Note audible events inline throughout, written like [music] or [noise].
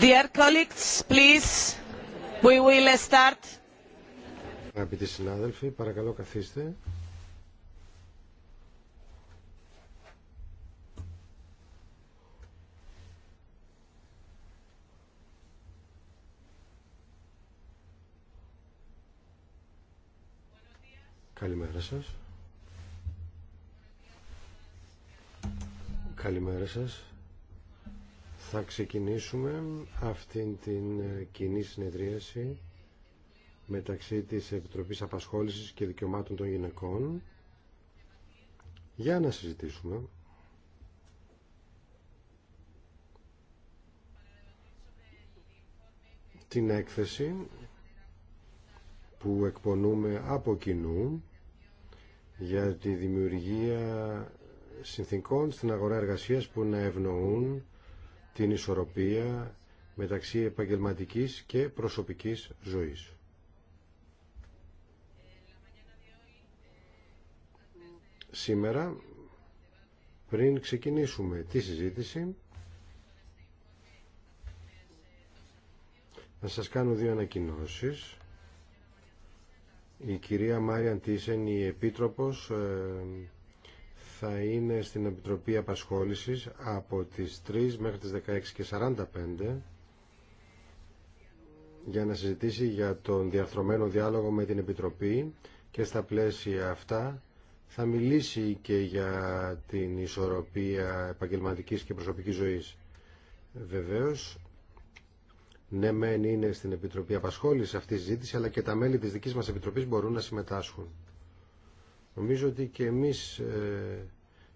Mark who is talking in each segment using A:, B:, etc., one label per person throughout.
A: Dear colleagues, please, we will start.
B: Αγαπητοί συνάδελφοι, παρακαλώ καθίστε. Καλημέρα σας. Καλημέρα σας. Θα ξεκινήσουμε αυτήν την ε, κοινή συνεδρίαση μεταξύ της Επιτροπής Απασχόλησης και Δικαιωμάτων των Γυναικών για να συζητήσουμε την έκθεση που εκπονούμε από κοινού για τη δημιουργία συνθήκων στην αγορά εργασίας που να ευνοούν την ισορροπία μεταξύ επαγγελματικής και προσωπικής ζωής. Σήμερα, πριν ξεκινήσουμε τη συζήτηση, να σας κάνω δύο ανακοινώσεις. Η κυρία Μάριαν Τίσεν, η Επίτροπος ε, θα είναι στην Επιτροπή Απασχόλησης από τις 3 μέχρι τις 16 και 45 για να συζητήσει για τον διαρθρωμένο διάλογο με την Επιτροπή και στα πλαίσια αυτά θα μιλήσει και για την ισορροπία επαγγελματικής και προσωπικής ζωής. Βεβαίως, ναι μεν είναι στην Επιτροπή Απασχόληση αυτή η συζήτηση, αλλά και τα μέλη της δικής μας Επιτροπής μπορούν να συμμετάσχουν. Νομίζω ότι και εμείς ε,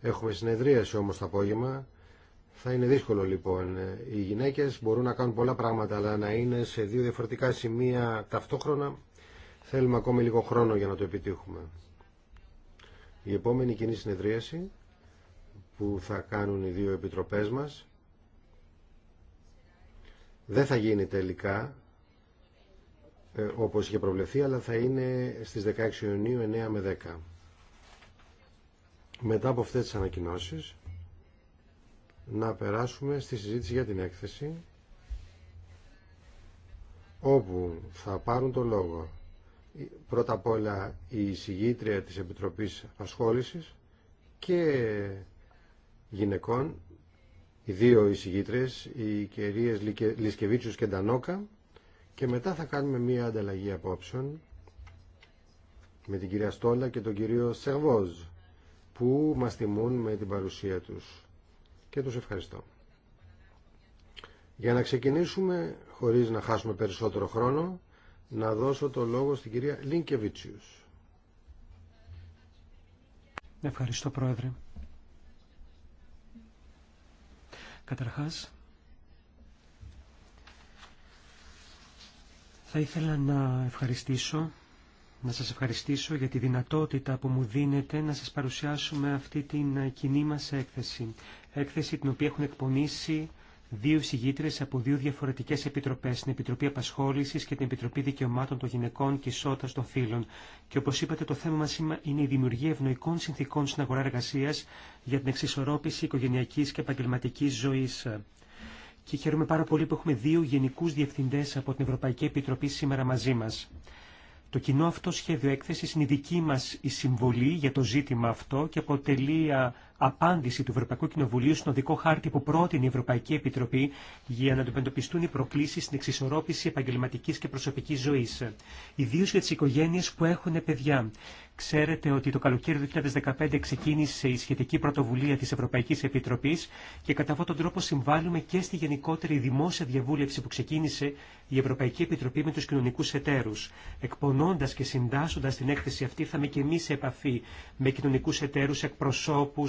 B: έχουμε συνεδρίαση όμως το απόγευμα. Θα είναι δύσκολο λοιπόν. Ε, οι γυναίκες μπορούν να κάνουν πολλά πράγματα, αλλά να είναι σε δύο διαφορετικά σημεία ταυτόχρονα θέλουμε ακόμη λίγο χρόνο για να το επιτύχουμε. Η επόμενη κοινή συνεδρίαση που θα κάνουν οι δύο επιτροπές μας δεν θα γίνει τελικά ε, όπως είχε προβλεφθεί, αλλά θα είναι στις 16 Ιουνίου 9 με 10 μετά από αυτές τις ανακοινώσεις να περάσουμε στη συζήτηση για την έκθεση όπου θα πάρουν το λόγο πρώτα απ' όλα η εισηγήτρια της Επιτροπής Ασχόλησης και γυναικών οι δύο εισηγήτρες οι κυρίες Λισκεβίτσους και Ντανόκα και μετά θα κάνουμε μία ανταλλαγή απόψεων με την κυρία Στόλα και τον κύριο Σερβόζ που μας τιμούν με την παρουσία τους και τους ευχαριστώ. Για να ξεκινήσουμε, χωρίς να χάσουμε περισσότερο χρόνο, να δώσω το λόγο στην κυρία Λίνκεβιτσιους.
C: Ευχαριστώ, Πρόεδρε. Καταρχάς, θα ήθελα να ευχαριστήσω να σας ευχαριστήσω για τη δυνατότητα που μου δίνετε να σας παρουσιάσουμε αυτή την κοινή μας έκθεση. Έκθεση την οποία έχουν εκπονήσει δύο συγγήτρες από δύο διαφορετικές επιτροπές, την Επιτροπή Απασχόλησης και την Επιτροπή Δικαιωμάτων των Γυναικών και Ισότητας των Φύλων. Και όπως είπατε το θέμα μας είναι η δημιουργία ευνοϊκών συνθήκων στην αγορά εργασίας για την εξισορρόπηση οικογενειακής και επαγγελματική ζωής. Και χαίρομαι πάρα πολύ που έχουμε δύο γενικούς διευθυντές από την Ευρωπαϊκή Επιτροπή σήμερα μαζί μας. Το κοινό αυτό σχέδιο έκθεσης είναι η δική μας η συμβολή για το ζήτημα αυτό και αποτελεί απάντηση του Ευρωπαϊκού Κοινοβουλίου στον οδικό χάρτη που πρότεινε η Ευρωπαϊκή Επιτροπή για να αντιμετωπιστούν οι προκλήσει στην εξισορρόπηση επαγγελματική και προσωπική ζωή. Ιδίω για τι οικογένειε που έχουν παιδιά. Ξέρετε ότι το καλοκαίρι του 2015 ξεκίνησε η σχετική πρωτοβουλία τη Ευρωπαϊκή Επιτροπή και κατά αυτόν τον τρόπο συμβάλλουμε και στη γενικότερη δημόσια διαβούλευση που ξεκίνησε η Ευρωπαϊκή Επιτροπή με του κοινωνικού εταίρου. Εκπονώντα και συντάσσοντα την έκθεση αυτή, θα είμαι και εμεί επαφή με κοινωνικού εταίρου, εκπροσώπου,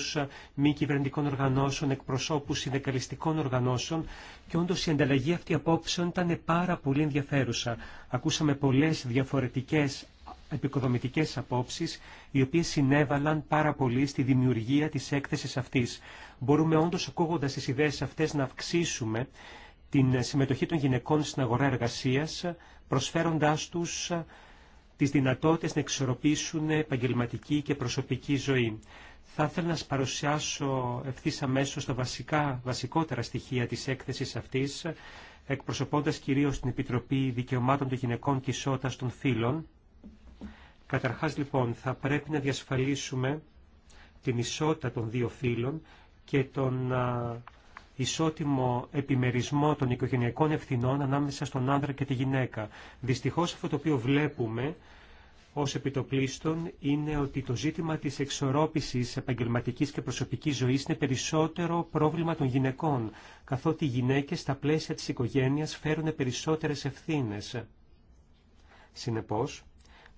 C: μη κυβερνητικών οργανώσεων, εκπροσώπους συνδεκαλιστικών οργανώσεων και όντως η ανταλλαγή αυτή απόψεων ήταν πάρα πολύ ενδιαφέρουσα. Ακούσαμε πολλές διαφορετικές επικοδομητικές απόψεις, οι οποίες συνέβαλαν πάρα πολύ στη δημιουργία της έκθεσης αυτής. Μπορούμε όντως ακούγοντας τις ιδέες αυτές να αυξήσουμε την συμμετοχή των γυναικών στην αγορά εργασίας, προσφέροντάς τους τις δυνατότητες να εξορροπήσουν επαγγελματική και προσωπική ζωή. Θα ήθελα να σας παρουσιάσω ευθύ αμέσω τα βασικά, βασικότερα στοιχεία της έκθεσης αυτής, εκπροσωπώντας κυρίως την Επιτροπή Δικαιωμάτων των Γυναικών και Ισότητας των Φύλων. Καταρχάς λοιπόν θα πρέπει να διασφαλίσουμε την ισότητα των δύο φύλων και τον ισότιμο επιμερισμό των οικογενειακών ευθυνών ανάμεσα στον άνδρα και τη γυναίκα. Δυστυχώς αυτό το οποίο βλέπουμε ως επιτοπλίστων είναι ότι το ζήτημα της εξορρόπησης επαγγελματικής και προσωπικής ζωής είναι περισσότερο πρόβλημα των γυναικών, καθότι οι γυναίκες στα πλαίσια της οικογένειας φέρουν περισσότερες ευθύνες. Συνεπώς,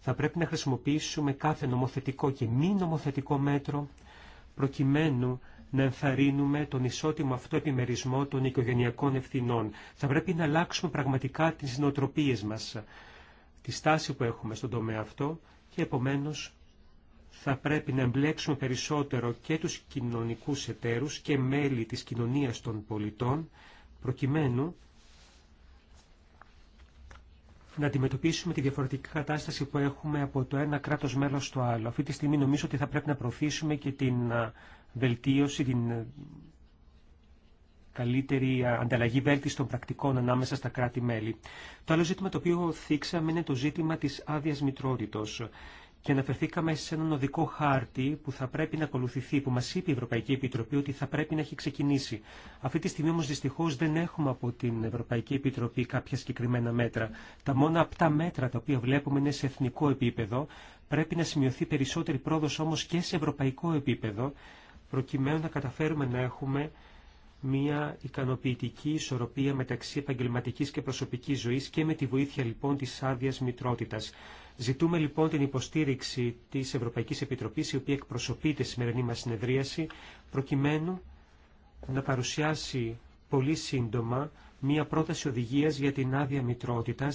C: θα πρέπει να χρησιμοποιήσουμε κάθε νομοθετικό και μη νομοθετικό μέτρο προκειμένου να ενθαρρύνουμε τον ισότιμο αυτό επιμερισμό των οικογενειακών ευθυνών. Θα πρέπει να αλλάξουμε πραγματικά τις νοοτροπίες μας τη στάση που έχουμε στον τομέα αυτό και επομένως θα πρέπει να εμπλέξουμε περισσότερο και τους κοινωνικούς εταίρους και μέλη της κοινωνίας των πολιτών προκειμένου να αντιμετωπίσουμε τη διαφορετική κατάσταση που έχουμε από το ένα κράτος μέλος στο άλλο. Αυτή τη στιγμή νομίζω ότι θα πρέπει να προωθήσουμε και την βελτίωση, την καλύτερη ανταλλαγή των πρακτικών ανάμεσα στα κράτη-μέλη. Το άλλο ζήτημα το οποίο θίξαμε είναι το ζήτημα της άδεια μητρότητο. Και αναφερθήκαμε σε έναν οδικό χάρτη που θα πρέπει να ακολουθηθεί, που μα είπε η Ευρωπαϊκή Επιτροπή ότι θα πρέπει να έχει ξεκινήσει. Αυτή τη στιγμή όμω δυστυχώ δεν έχουμε από την Ευρωπαϊκή Επιτροπή κάποια συγκεκριμένα μέτρα. Τα μόνα απτά μέτρα τα οποία βλέπουμε είναι σε εθνικό επίπεδο. Πρέπει να σημειωθεί περισσότερη πρόοδο όμω και σε ευρωπαϊκό επίπεδο, προκειμένου να καταφέρουμε να έχουμε μία ικανοποιητική ισορροπία μεταξύ επαγγελματική και προσωπική ζωή και με τη βοήθεια λοιπόν τη άδεια μητρότητα. Ζητούμε λοιπόν την υποστήριξη τη Ευρωπαϊκή Επιτροπή, η οποία εκπροσωπείται στη σημερινή μα συνεδρίαση, προκειμένου να παρουσιάσει πολύ σύντομα μία πρόταση οδηγίας για την άδεια μητρότητα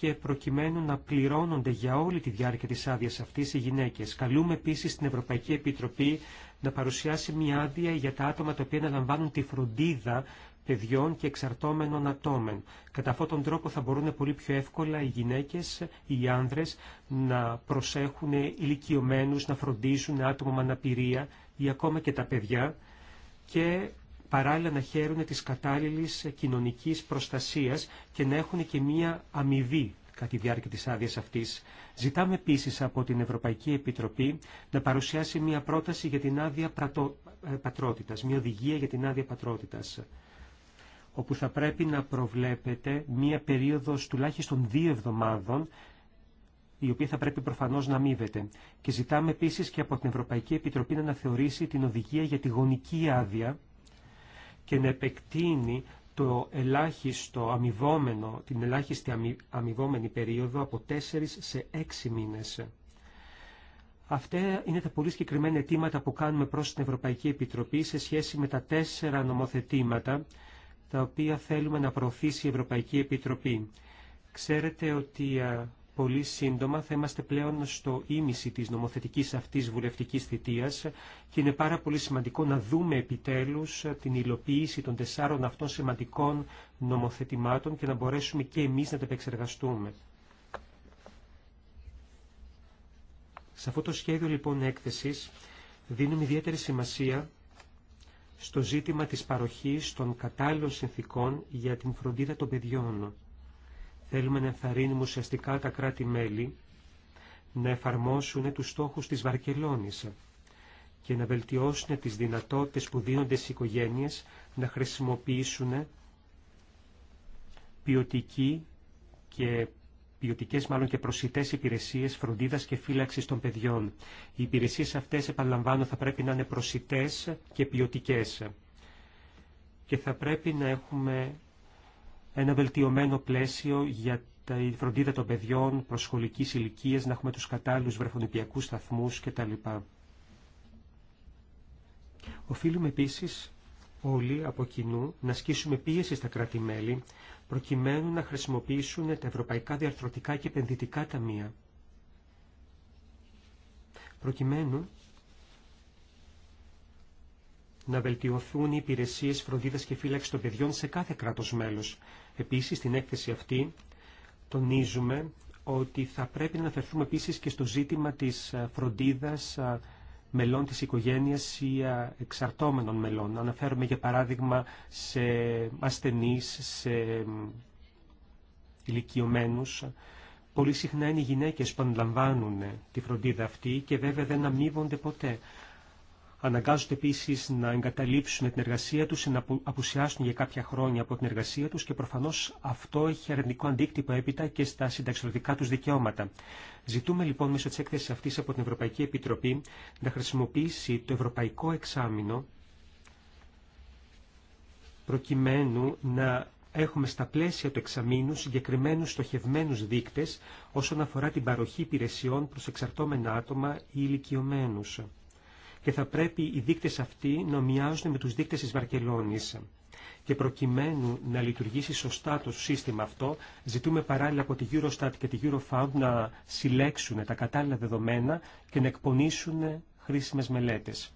C: και προκειμένου να πληρώνονται για όλη τη διάρκεια της άδειας αυτής οι γυναίκες. Καλούμε επίσης την Ευρωπαϊκή Επιτροπή να παρουσιάσει μια άδεια για τα άτομα τα οποία αναλαμβάνουν τη φροντίδα παιδιών και εξαρτώμενων ατόμων. Κατά αυτόν τον τρόπο θα μπορούν πολύ πιο εύκολα οι γυναίκες, οι άνδρες να προσέχουν ηλικιωμένους, να φροντίζουν άτομα με αναπηρία ή ακόμα και τα παιδιά και παράλληλα να χαίρουν της κατάλληλης κοινωνικής προστασίας και να έχουν και μία αμοιβή κατά τη διάρκεια της άδειας αυτής. Ζητάμε επίσης από την Ευρωπαϊκή Επιτροπή να παρουσιάσει μία πρόταση για την άδεια ε, πατρότητας, μία οδηγία για την άδεια πατρότητας όπου θα πρέπει να προβλέπεται μία περίοδος τουλάχιστον δύο εβδομάδων η οποία θα πρέπει προφανώ να αμείβεται. Και ζητάμε επίση και από την Ευρωπαϊκή Επιτροπή να αναθεωρήσει την οδηγία για τη γονική άδεια, και να επεκτείνει το ελάχιστο αμοιβόμενο, την ελάχιστη αμοιβόμενη περίοδο από 4 σε έξι μήνες. Αυτά είναι τα πολύ συγκεκριμένα αιτήματα που κάνουμε προς την Ευρωπαϊκή Επιτροπή σε σχέση με τα τέσσερα νομοθετήματα τα οποία θέλουμε να προωθήσει η Ευρωπαϊκή Επιτροπή. Ξέρετε ότι πολύ σύντομα θα είμαστε πλέον στο ίμιση της νομοθετικής αυτής βουλευτικής θητείας και είναι πάρα πολύ σημαντικό να δούμε επιτέλους την υλοποίηση των τεσσάρων αυτών σημαντικών νομοθετημάτων και να μπορέσουμε και εμείς να τα επεξεργαστούμε. Σε αυτό το σχέδιο λοιπόν έκθεσης δίνουμε ιδιαίτερη σημασία στο ζήτημα της παροχής των κατάλληλων συνθήκων για την φροντίδα των παιδιών. Θέλουμε να ενθαρρύνουμε ουσιαστικά τα κράτη-μέλη να εφαρμόσουν τους στόχους της Βαρκελόνης και να βελτιώσουν τις δυνατότητες που δίνονται στις οικογένειες να χρησιμοποιήσουν ποιοτική και ποιοτικέ μάλλον και προσιτέ υπηρεσίε φροντίδα και φύλαξη των παιδιών. Οι υπηρεσίε αυτέ, επαναλαμβάνω, θα πρέπει να είναι προσιτέ και ποιοτικέ. Και θα πρέπει να έχουμε ένα βελτιωμένο πλαίσιο για τη φροντίδα των παιδιών προσχολική ηλικίας, να έχουμε τους κατάλληλου βρεφονιπιακούς σταθμού κτλ. Οφείλουμε επίση όλοι από κοινού να ασκήσουμε πίεση στα κράτη-μέλη προκειμένου να χρησιμοποιήσουν τα ευρωπαϊκά διαρθρωτικά και επενδυτικά ταμεία. Προκειμένου να βελτιωθούν οι υπηρεσίε, φροντίδας και φύλαξη των παιδιών σε κάθε κράτος μέλος. Επίσης, στην έκθεση αυτή τονίζουμε ότι θα πρέπει να αναφερθούμε επίση και στο ζήτημα της ε, φροντίδας ε, μελών της οικογένειας ή ε, εξαρτώμενων μελών. Αναφέρομαι για παράδειγμα σε ασθενείς, σε ηλικιωμένους. Πολύ συχνά είναι οι γυναίκες που αναλαμβάνουν τη φροντίδα αυτή και βέβαια δεν αμείβονται ποτέ αναγκάζονται επίση να εγκαταλείψουν την εργασία του ή να απουσιάσουν για κάποια χρόνια από την εργασία του και προφανώ αυτό έχει αρνητικό αντίκτυπο έπειτα και στα συνταξιδοτικά του δικαιώματα. Ζητούμε λοιπόν μέσω τη έκθεση αυτή από την Ευρωπαϊκή Επιτροπή να χρησιμοποιήσει το Ευρωπαϊκό Εξάμεινο προκειμένου να έχουμε στα πλαίσια του εξαμήνου συγκεκριμένου στοχευμένου δείκτε όσον αφορά την παροχή υπηρεσιών προ εξαρτώμενα άτομα ή ηλικιωμένου και θα πρέπει οι δείκτες αυτοί να μοιάζουν με τους δείκτες της Βαρκελόνης. Και προκειμένου να λειτουργήσει σωστά το σύστημα αυτό, ζητούμε παράλληλα από τη Eurostat και τη Eurofound να συλλέξουν τα κατάλληλα δεδομένα και να εκπονήσουν χρήσιμες μελέτες.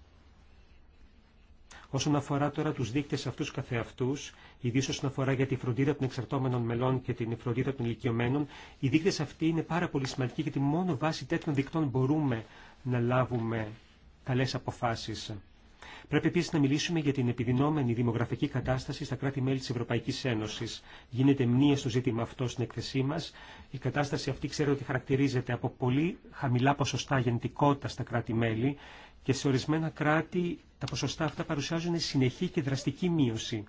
C: Όσον αφορά τώρα τους δείκτες αυτούς καθεαυτούς, ιδίως όσον αφορά για τη φροντίδα των εξαρτώμενων μελών και την φροντίδα των ηλικιωμένων, οι δείκτες αυτοί είναι πάρα πολύ σημαντικοί γιατί μόνο βάσει τέτοιων δικτών μπορούμε να λάβουμε καλές αποφάσεις. Πρέπει επίση να μιλήσουμε για την επιδεινόμενη δημογραφική κατάσταση στα κράτη-μέλη της Ευρωπαϊκής Ένωσης. Γίνεται μνήμα στο ζήτημα αυτό στην εκθεσή μας. Η κατάσταση αυτή ξέρω ότι χαρακτηρίζεται από πολύ χαμηλά ποσοστά γεννητικότητα στα κράτη-μέλη και σε ορισμένα κράτη τα ποσοστά αυτά παρουσιάζουν συνεχή και δραστική μείωση.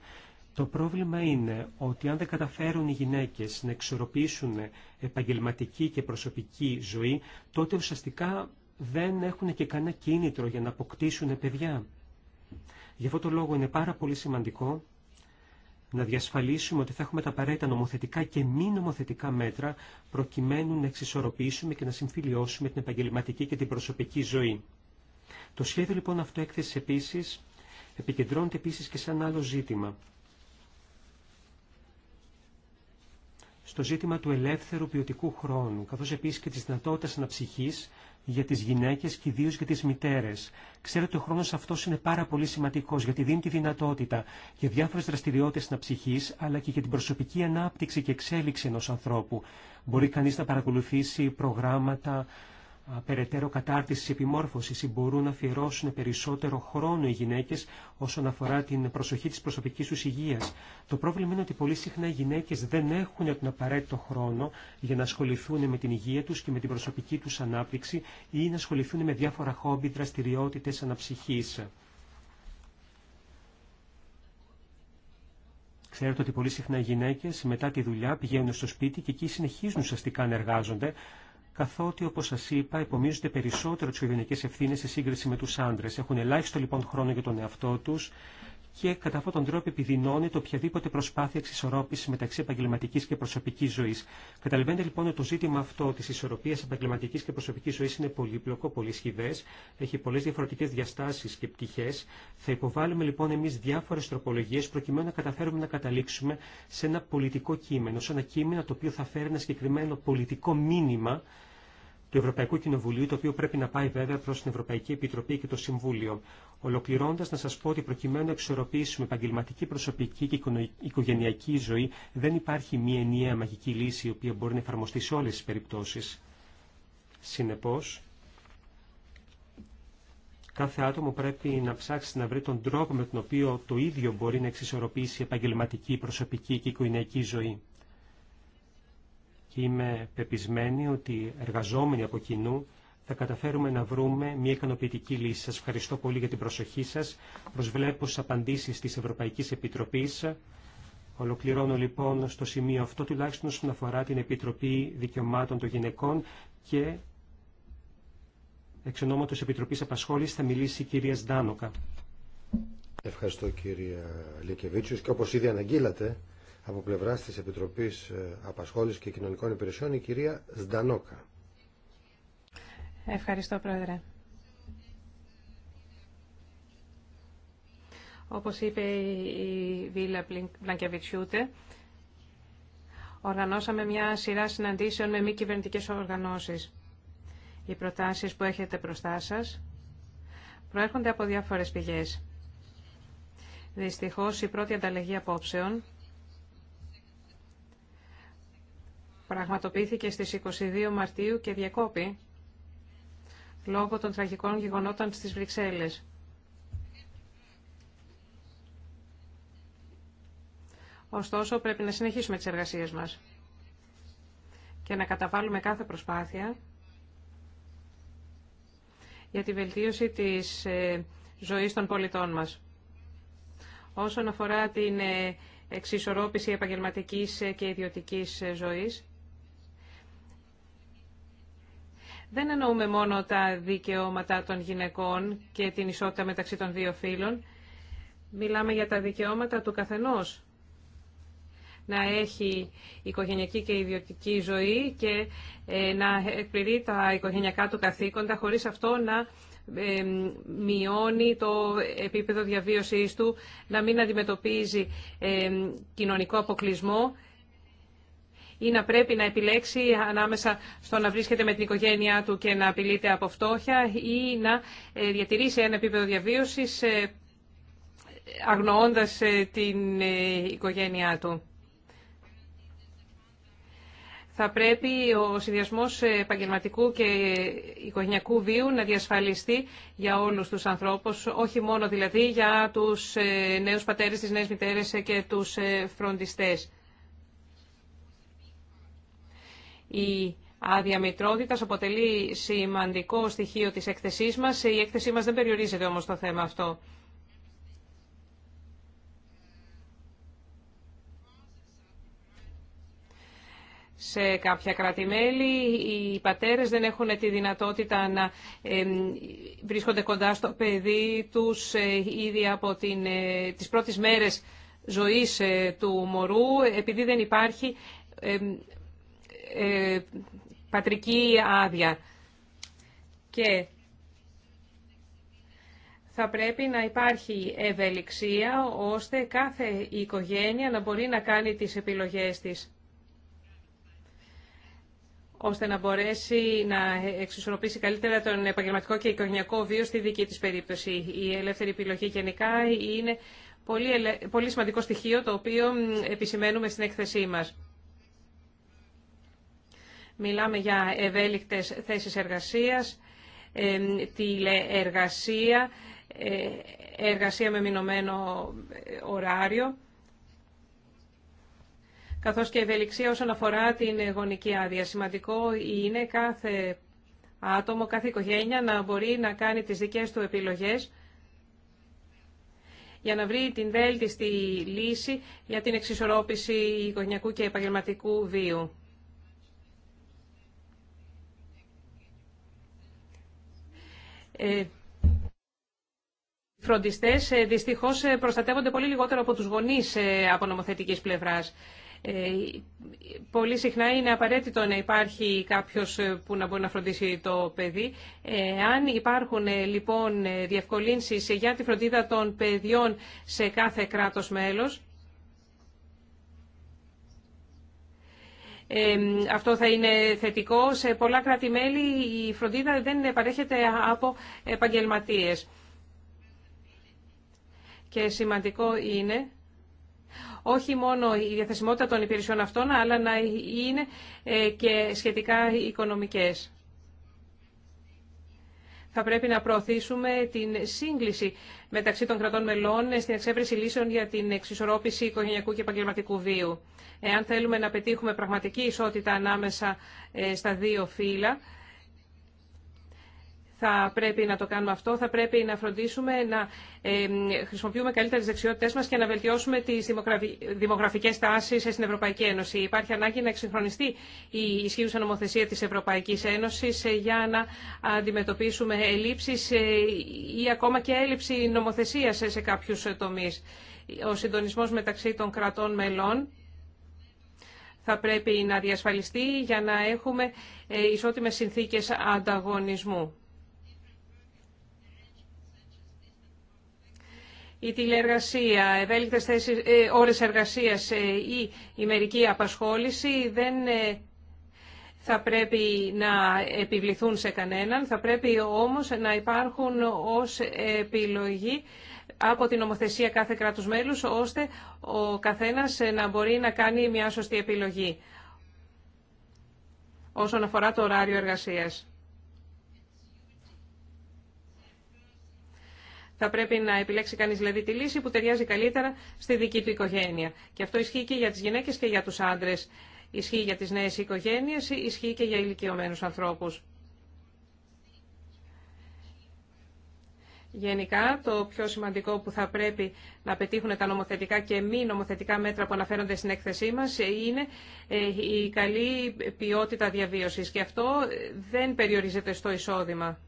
C: Το πρόβλημα είναι ότι αν δεν καταφέρουν οι γυναίκες να εξορροπήσουν επαγγελματική και προσωπική ζωή, τότε ουσιαστικά δεν έχουν και κανένα κίνητρο για να αποκτήσουν παιδιά. Γι' αυτό το λόγο είναι πάρα πολύ σημαντικό να διασφαλίσουμε ότι θα έχουμε τα απαραίτητα νομοθετικά και μη νομοθετικά μέτρα προκειμένου να εξισορροπήσουμε και να συμφιλιώσουμε την επαγγελματική και την προσωπική ζωή. Το σχέδιο λοιπόν αυτό έκθεση επίσης επικεντρώνεται επίσης και σε ένα άλλο ζήτημα. Στο ζήτημα του ελεύθερου ποιοτικού χρόνου, καθώς επίσης και της δυνατότητας αναψυχής για τις γυναίκες και ιδίω για τις μητέρες. Ξέρετε ότι ο χρόνος αυτός είναι πάρα πολύ σημαντικός γιατί δίνει τη δυνατότητα για διάφορες δραστηριότητες να ψυχής αλλά και για την προσωπική ανάπτυξη και εξέλιξη ενός ανθρώπου. Μπορεί κανείς να παρακολουθήσει προγράμματα περαιτέρω κατάρτιση επιμόρφωσης ή μπορούν να αφιερώσουν περισσότερο χρόνο οι γυναίκες όσον αφορά την προσοχή της προσωπικής τους υγείας. Το πρόβλημα είναι ότι πολύ συχνά οι γυναίκες δεν έχουν τον απαραίτητο χρόνο για να ασχοληθούν με την υγεία τους και με την προσωπική τους ανάπτυξη ή να ασχοληθούν με διάφορα χόμπι, δραστηριότητες αναψυχής. Ξέρετε ότι πολύ συχνά οι γυναίκες μετά τη δουλειά πηγαίνουν στο σπίτι και εκεί συνεχίζουν ουσιαστικά να εργάζονται καθότι όπω σα είπα υπομίζονται περισσότερο τι οικογενειακέ ευθύνε σε σύγκριση με του άντρε. Έχουν ελάχιστο λοιπόν χρόνο για τον εαυτό του, και κατά αυτόν τον τρόπο επιδεινώνει το οποιαδήποτε προσπάθεια εξισορρόπηση μεταξύ επαγγελματική και προσωπική ζωή. Καταλαβαίνετε λοιπόν ότι το ζήτημα αυτό τη ισορροπία επαγγελματική και προσωπική ζωή είναι πολύπλοκο, πολύ σχηδέ, έχει πολλέ διαφορετικέ διαστάσει και πτυχέ. Θα υποβάλουμε λοιπόν εμεί διάφορε τροπολογίε προκειμένου να καταφέρουμε να καταλήξουμε σε ένα πολιτικό κείμενο, σε ένα κείμενο το οποίο θα φέρει ένα συγκεκριμένο πολιτικό μήνυμα του Ευρωπαϊκού Κοινοβουλίου, το οποίο πρέπει να πάει βέβαια προ την Ευρωπαϊκή Επιτροπή και το Συμβούλιο. Ολοκληρώνοντα, να σα πω ότι προκειμένου να εξορροπήσουμε επαγγελματική, προσωπική και οικογενειακή ζωή, δεν υπάρχει μία ενιαία μαγική λύση η οποία μπορεί να εφαρμοστεί σε όλε τι περιπτώσει. Συνεπώ, κάθε άτομο πρέπει να ψάξει να βρει τον τρόπο με τον οποίο το ίδιο μπορεί να εξισορροπήσει επαγγελματική, προσωπική και οικογενειακή ζωή είμαι πεπισμένη ότι εργαζόμενοι από κοινού θα καταφέρουμε να βρούμε μια ικανοποιητική λύση. Σας ευχαριστώ πολύ για την προσοχή σας. Προσβλέπω στις απαντήσεις της Ευρωπαϊκής Επιτροπής. Ολοκληρώνω λοιπόν στο σημείο αυτό τουλάχιστον όσον αφορά την Επιτροπή Δικαιωμάτων των Γυναικών και εξ ονόματος Επιτροπής Απασχόλησης θα μιλήσει η κυρία Σντάνοκα.
B: Ευχαριστώ κυρία Λικεβίτσιος και όπως ήδη αναγγείλατε από πλευρά τη Επιτροπής ε, Απασχόλησης και Κοινωνικών Υπηρεσιών η κυρία Σντανόκα.
A: Ευχαριστώ Πρόεδρε. Όπως είπε η Βίλα Πλανκεβιτσιούτε, οργανώσαμε μια σειρά συναντήσεων με μη κυβερνητικέ οργανώσεις. Οι προτάσεις που έχετε μπροστά σα προέρχονται από διάφορες πηγές. Δυστυχώς, η πρώτη ανταλλαγή απόψεων πραγματοποιήθηκε στις 22 Μαρτίου και διακόπη λόγω των τραγικών γεγονότων στις Βρυξέλλες. Ωστόσο, πρέπει να συνεχίσουμε τις εργασίες μας και να καταβάλουμε κάθε προσπάθεια για τη βελτίωση της ε, ζωής των πολιτών μας. Όσον αφορά την ε, εξισορρόπηση επαγγελματικής ε, και ιδιωτικής ζωής, Δεν εννοούμε μόνο τα δικαιώματα των γυναικών και την ισότητα μεταξύ των δύο φύλων. Μιλάμε για τα δικαιώματα του καθενός. Να έχει οικογενειακή και ιδιωτική ζωή και ε, να εκπληρεί τα οικογενειακά του καθήκοντα χωρίς αυτό να ε, μειώνει το επίπεδο διαβίωσης του, να μην αντιμετωπίζει ε, κοινωνικό αποκλεισμό ή να πρέπει να επιλέξει ανάμεσα στο να βρίσκεται με την οικογένειά του και να απειλείται από φτώχεια ή να ε, διατηρήσει ένα επίπεδο διαβίωσης ε, αγνοώντας ε, την οικογένειά του. Θα πρέπει ο συνδυασμός επαγγελματικού και οικογενειακού βίου να διασφαλιστεί για όλους τους ανθρώπους, όχι μόνο δηλαδή για τους νέους πατέρες, τις νέες μητέρες και τους φροντιστές. Η αδιαμητρότητα αποτελεί σημαντικό στοιχείο της έκθεσής μας. Η έκθεσή μας δεν περιορίζεται όμως το θέμα αυτό. Σε κάποια οι πατέρες δεν έχουν τη δυνατότητα να βρίσκονται κοντά στο παιδί τους ε, ήδη από την, ε, τις πρώτες μέρες ζωής ε, του μωρού επειδή δεν υπάρχει ε, πατρική άδεια. Και θα πρέπει να υπάρχει ευελιξία ώστε κάθε οικογένεια να μπορεί να κάνει τις επιλογές της ώστε να μπορέσει να εξισορροπήσει καλύτερα τον επαγγελματικό και οικογενειακό βίο στη δική της περίπτωση. Η ελεύθερη επιλογή γενικά είναι πολύ, πολύ σημαντικό στοιχείο το οποίο επισημαίνουμε στην έκθεσή μας. Μιλάμε για ευέλικτες θέσεις εργασίας, τηλεεργασία, ε, εργασία με μηνωμένο ε, ωράριο, καθώς και ευελιξία όσον αφορά την γονική άδεια. Σημαντικό είναι κάθε άτομο, κάθε οικογένεια να μπορεί να κάνει τις δικές του επιλογές για να βρει την βέλτιστη λύση για την εξισορρόπηση οικογενειακού και επαγγελματικού βίου. Ε, οι φροντιστές ε, δυστυχώς ε, προστατεύονται πολύ λιγότερο από τους γονείς από νομοθετικής πλευράς. Πολύ συχνά είναι απαραίτητο να υπάρχει κάποιος που να μπορεί να φροντίσει το παιδί. Αν υπάρχουν λοιπόν διευκολύνσεις για τη φροντίδα των παιδιών σε κάθε κράτος μέλος, αυτό θα είναι θετικό. Σε πολλά κράτη-μέλη η φροντίδα δεν παρέχεται από επαγγελματίε. Και σημαντικό είναι όχι μόνο η διαθεσιμότητα των υπηρεσιών αυτών, αλλά να είναι ε, και σχετικά οικονομικές. Θα πρέπει να προωθήσουμε την σύγκληση μεταξύ των κρατών μελών στην εξέβρεση λύσεων για την εξισορρόπηση οικογενειακού και επαγγελματικού βίου. Εάν θέλουμε να πετύχουμε πραγματική ισότητα ανάμεσα ε, στα δύο φύλλα, θα πρέπει να το κάνουμε αυτό, θα πρέπει να φροντίσουμε να ε, χρησιμοποιούμε καλύτερε τις δεξιότητές μας και να βελτιώσουμε τις δημογραφικές τάσεις στην Ευρωπαϊκή Ένωση. Υπάρχει ανάγκη να εξυγχρονιστεί η ισχύουσα νομοθεσία της Ευρωπαϊκής Ένωσης ε, για να αντιμετωπίσουμε ελλείψεις ή ακόμα και έλλειψη νομοθεσίας σε κάποιους τομείς. Ο συντονισμός μεταξύ των κρατών μελών θα πρέπει να διασφαλιστεί για να έχουμε ε, ισότιμες συνθήκες ανταγωνισμού. Η τηλεεργασία, ευέλικτες θέσεις, ε, ώρες εργασίας ε, ή η μερική απασχόληση δεν θα πρέπει να επιβληθούν σε κανέναν, θα πρέπει όμως να υπάρχουν ως επιλογή από την νομοθεσία κάθε κράτους μέλους, ώστε ο καθένας ε, να μπορεί να κάνει μια σωστή επιλογή όσον αφορά το ωράριο εργασίας. Θα πρέπει να επιλέξει κανείς δηλαδή τη λύση που ταιριάζει καλύτερα στη δική του οικογένεια. Και αυτό ισχύει και για τις γυναίκες και για τους άντρες. Ισχύει για τις νέες οικογένειες, ισχύει και για ηλικιωμένους ανθρώπους. Γενικά, το πιο σημαντικό που θα πρέπει να πετύχουν τα νομοθετικά και μη νομοθετικά μέτρα που αναφέρονται στην έκθεσή μας είναι ε, η καλή ποιότητα διαβίωσης και αυτό ε, δεν περιορίζεται στο εισόδημα.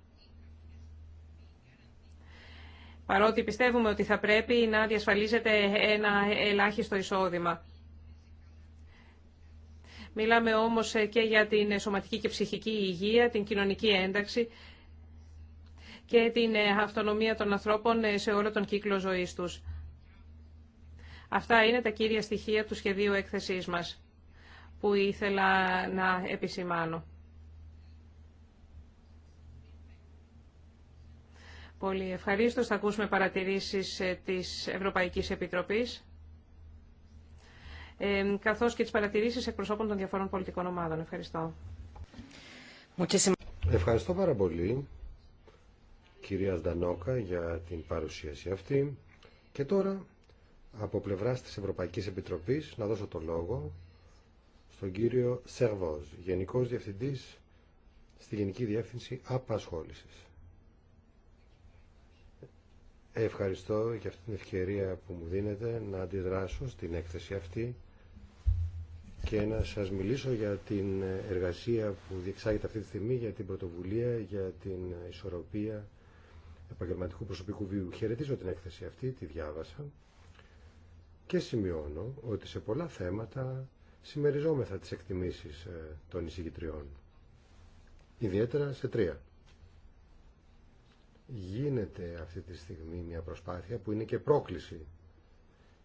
A: Παρότι πιστεύουμε ότι θα πρέπει να διασφαλίζεται ένα ελάχιστο εισόδημα. Μιλάμε όμως ε, και για την σωματική και ψυχική υγεία, την κοινωνική ένταξη και την ε, αυτονομία των ανθρώπων ε, σε όλο τον κύκλο ζωής τους. Αυτά είναι τα κύρια στοιχεία του σχεδίου έκθεσής μας που ήθελα να επισημάνω. Πολύ ευχαρίστω. Θα ακούσουμε παρατηρήσεις ε, της Ευρωπαϊκής Επιτροπής καθώς και τις παρατηρήσεις εκπροσώπων των διαφορών πολιτικών ομάδων. Ευχαριστώ.
B: Ευχαριστώ πάρα πολύ κυρίας δανόκα για την παρουσίαση αυτή. Και τώρα, από πλευράς της Ευρωπαϊκής Επιτροπής, να δώσω το λόγο στον κύριο Σερβός, Γενικός Διευθυντής στη Γενική Διεύθυνση Απασχόλησης. Ευχαριστώ για αυτή την ευκαιρία που μου δίνετε να αντιδράσω στην έκθεση αυτή και να σας μιλήσω για την εργασία που διεξάγεται αυτή τη στιγμή για την πρωτοβουλία, για την ισορροπία επαγγελματικού προσωπικού βίου. Χαιρετίζω την έκθεση αυτή, τη διάβασα και σημειώνω ότι σε πολλά θέματα συμμεριζόμεθα τις εκτιμήσεις ε, των εισηγητριών. Ιδιαίτερα σε τρία. Γίνεται αυτή τη στιγμή μια προσπάθεια που είναι και πρόκληση